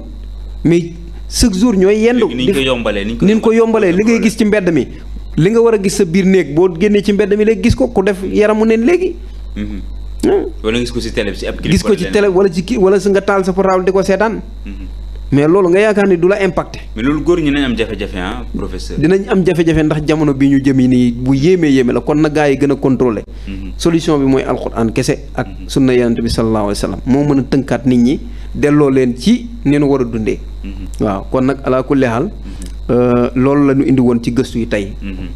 mais chaque jour ñooy yendu. ni ko yombalee ni ko yombalee li ngay gis ci mbedd mi. li nga war a gis sa biir néeg boo génnee ci mbedd mi lay gis ko ku def yaramu neen léegi. Mm-hmm. Ah. wala gis ko ci télé gis ko ci télé wala ci kii wala su nga taal sa portable di ko seetaan. Mm-hmm. mais loolu nga yaakaar ni du la impacte mais loolu góor ñi dinañ am jafe-jafe ah professeur. dinañ am jafe ndax jamono bi ñu jëm yi nii bu yéemee yéeme la kon na gaa yi gën a contrôlé. Mm-hmm. solution bi mooy alxuraan kese ak sunna yonent bi sallallahu alayhi wa sallam moo mën a tënkaat nit ñi. delloo leen ci ni nu war a dundee. Mhm. waaw kon nag alaa kulli xaal mhm. euh, loolu la ñu indi woon ci gëstu yi tey. Mhm.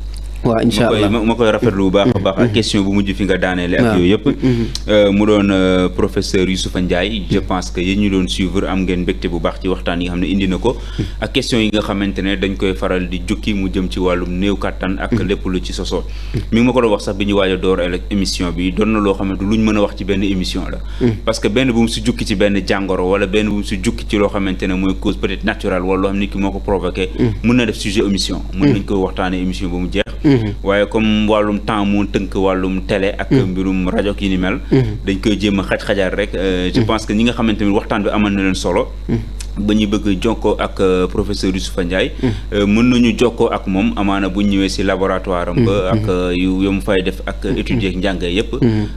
waaw incha allah ma koy ma koy a baax. ak mm-hmm. question bu nga daaneele ak yooyu yëpp. Mm-hmm. Euh, mu doon euh, professeur Youssoufa je pense que yéen ñu doon suivre am ngeen mbégte bu baax ci waxtaan yi nga xam indi na ko. Mm-hmm. ak yi nga xamante ne dañ koy faral di jukki mu jëm ci wàllum néew kattan. ak lépp lu ci sosoo. mi ngi ma ko doon wax sax bi ñu waaj a door émission bi doon na loo xamante luñ mën a wax ci benn émission la. parce que benn bu mu si jukki ci benn jàngoro wala benn bu mu si jukki ci loo xamante ne mooy cause peut-être naturelle wala loo xam ne ki moo ko provoqué. mën na def sujet émission. mën nañ ko waxtaanee émission ba mu jeex Mm-hmm. waaye comme wàllum temps moo tënk wàllum télé ak mm-hmm. mbirum rajo ki ni mel mm-hmm. dañ koy jéem a xaj-xajaar rek euh, je pense que ñi nga xamante ni waxtaan bi amal na leen solo ba ñu bëgg jokkoo ak euh, professeur Youssoufa Ndiaye mm. euh, mën ñu jokkoo ak moom amaana bu ñëwee si laboratoire am ba mm. ak mm. Euh, yu mu fay def ak étudier ak njàng yépp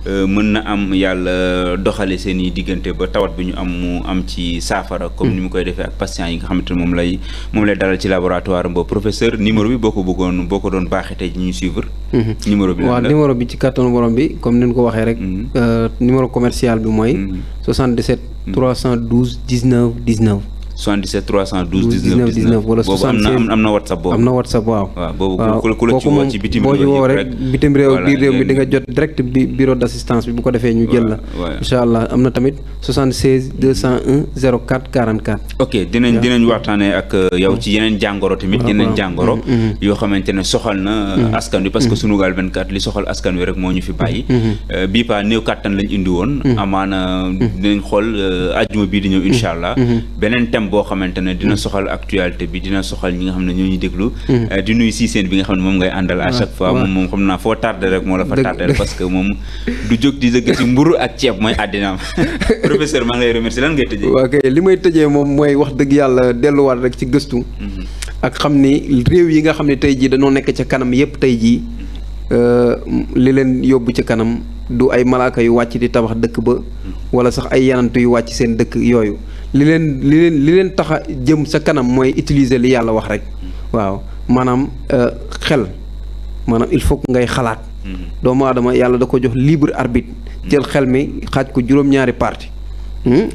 mën na am yàlla doxale seen i diggante ba tawat bi ñu am mu am ci saafara comme ni mu koy defee ak patient yi nga xamante ne moom lay moom lay dalal ci laboratoire am ba professeur numéro bi boo ko bëggoon boo ko doon baaxee te ñuy suivre mm-hmm. numéro bi waaw numéro bi ci kàttanu borom bi comme ni ñu ko waxee rek mm-hmm. numéro commercial bi mooy mm-hmm. cent 77 312 19 19 77 312 19 19 wala 76 na whatsapp boobu am na whatsapp waaw. waaw boobu ku la ci woo ci bitim réew boo ci woo rek bitim réew biir réew mi di nga jot direct bi bureau d' assistance bi bu ko defee ñu jël la. incha allah am na tamit 76 201 04 44. ok dinañ dinañ waxtaanee ak euh, yow ci yeneen jàngoro tamit ah, yeneen jàngoro. Mm-hmm, mm-hmm. yoo xamante ne soxal na euh, mm-hmm. askan wi parce que Sunugal 24 li soxal askan wi rek moo ñu fi bàyyi. Euh, bii paa néew kàttan lañ indi woon. amaana dinañ xool ajjuma bii di boo xamante ne dina soxal actualité bi dina soxal ñi nga xam ne ñoo ñu déglu. Mm-hmm. Euh, di nuyu si seen bi nga xam ne moom ngay àndal. à ah, chaque fois moom moom xam naa foo tardé rek parce que moom du jóg di dëgg ci mburu ak ceeb mooy àddinaam professeur maa ngi lay remercier lan ngay li may tëjee moom mooy wax dëgg yàlla delluwaat rek ci gëstu. Mm-hmm. ak xam ni réew yi nga xam ne tey jii dañoo nekk ca kanam yépp tey jii euh, li leen yóbbu ca kanam du ay malaaka yu wàcc di tabax dëkk ba mm-hmm. wala sax ay yanantu yu wàcc seen dëkk yooyu li leen li leen li leen tax a jëm sa kanam mooy utiliser li yàlla wax rek waaw maanaam euh, xel maanaam il faut ngay xalaat mm-hmm. doomu aadama yàlla da ko jox libre arbitre mm-hmm. jël xel mi xaaj ko juróom-ñaari parti hmm?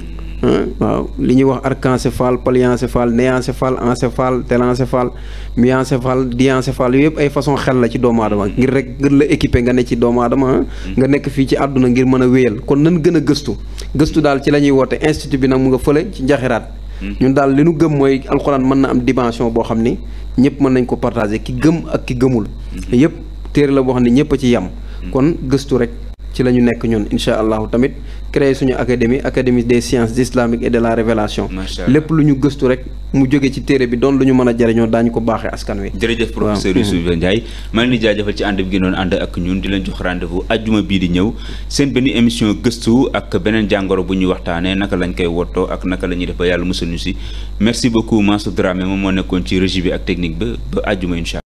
waaw li ñuy wax arcancéphale polyencéphale néencéphale encéphale télencéphale myencéphale diencéphale yooyu yëpp ay façon xel la ci doomu aadama ngir rek ngir la équipé nga ne ci doomu aadama hmm. nga nekk fii ci àdduna ngir mën a wéyal kon nan gën a gëstu gëstu daal ci la ñuy woote institut bi nag mu nga fële ci njaxiraat hmm. ñun daal li nu gëm mooy alxuraan mën na am dimension boo xam ni ñëpp mën nañ ko partagé ki gëm ak ki gëmul hmm. yëpp téere la boo xam ne ñëpp a ci yem kon gëstu rek ci la ñu nekk ñun incha allahu tamit créé suñu académie académie des sciences islamiques et de la révélation lépp lu ñu gëstu rek mu jóge ci téere bi doon lu ñu mën jariñoo daañu ko baaxee askan wi jërëjëf professeur Youssouf Ndiaye maa ngi leen di jaajëfal ci ànd bi ngeen doon ànd ak ñun di leen jox rendez-vous ajjuma ñëw seen benn émission gëstu ak beneen jàngoro bu ñuy waxtaanee naka lañ koy wottoo ak naka la ñuy def ba yàlla musul ñu si merci beaucoup Mansour Dramé moom moo nekkoon ci régie ak technique ba ba ajjuma incha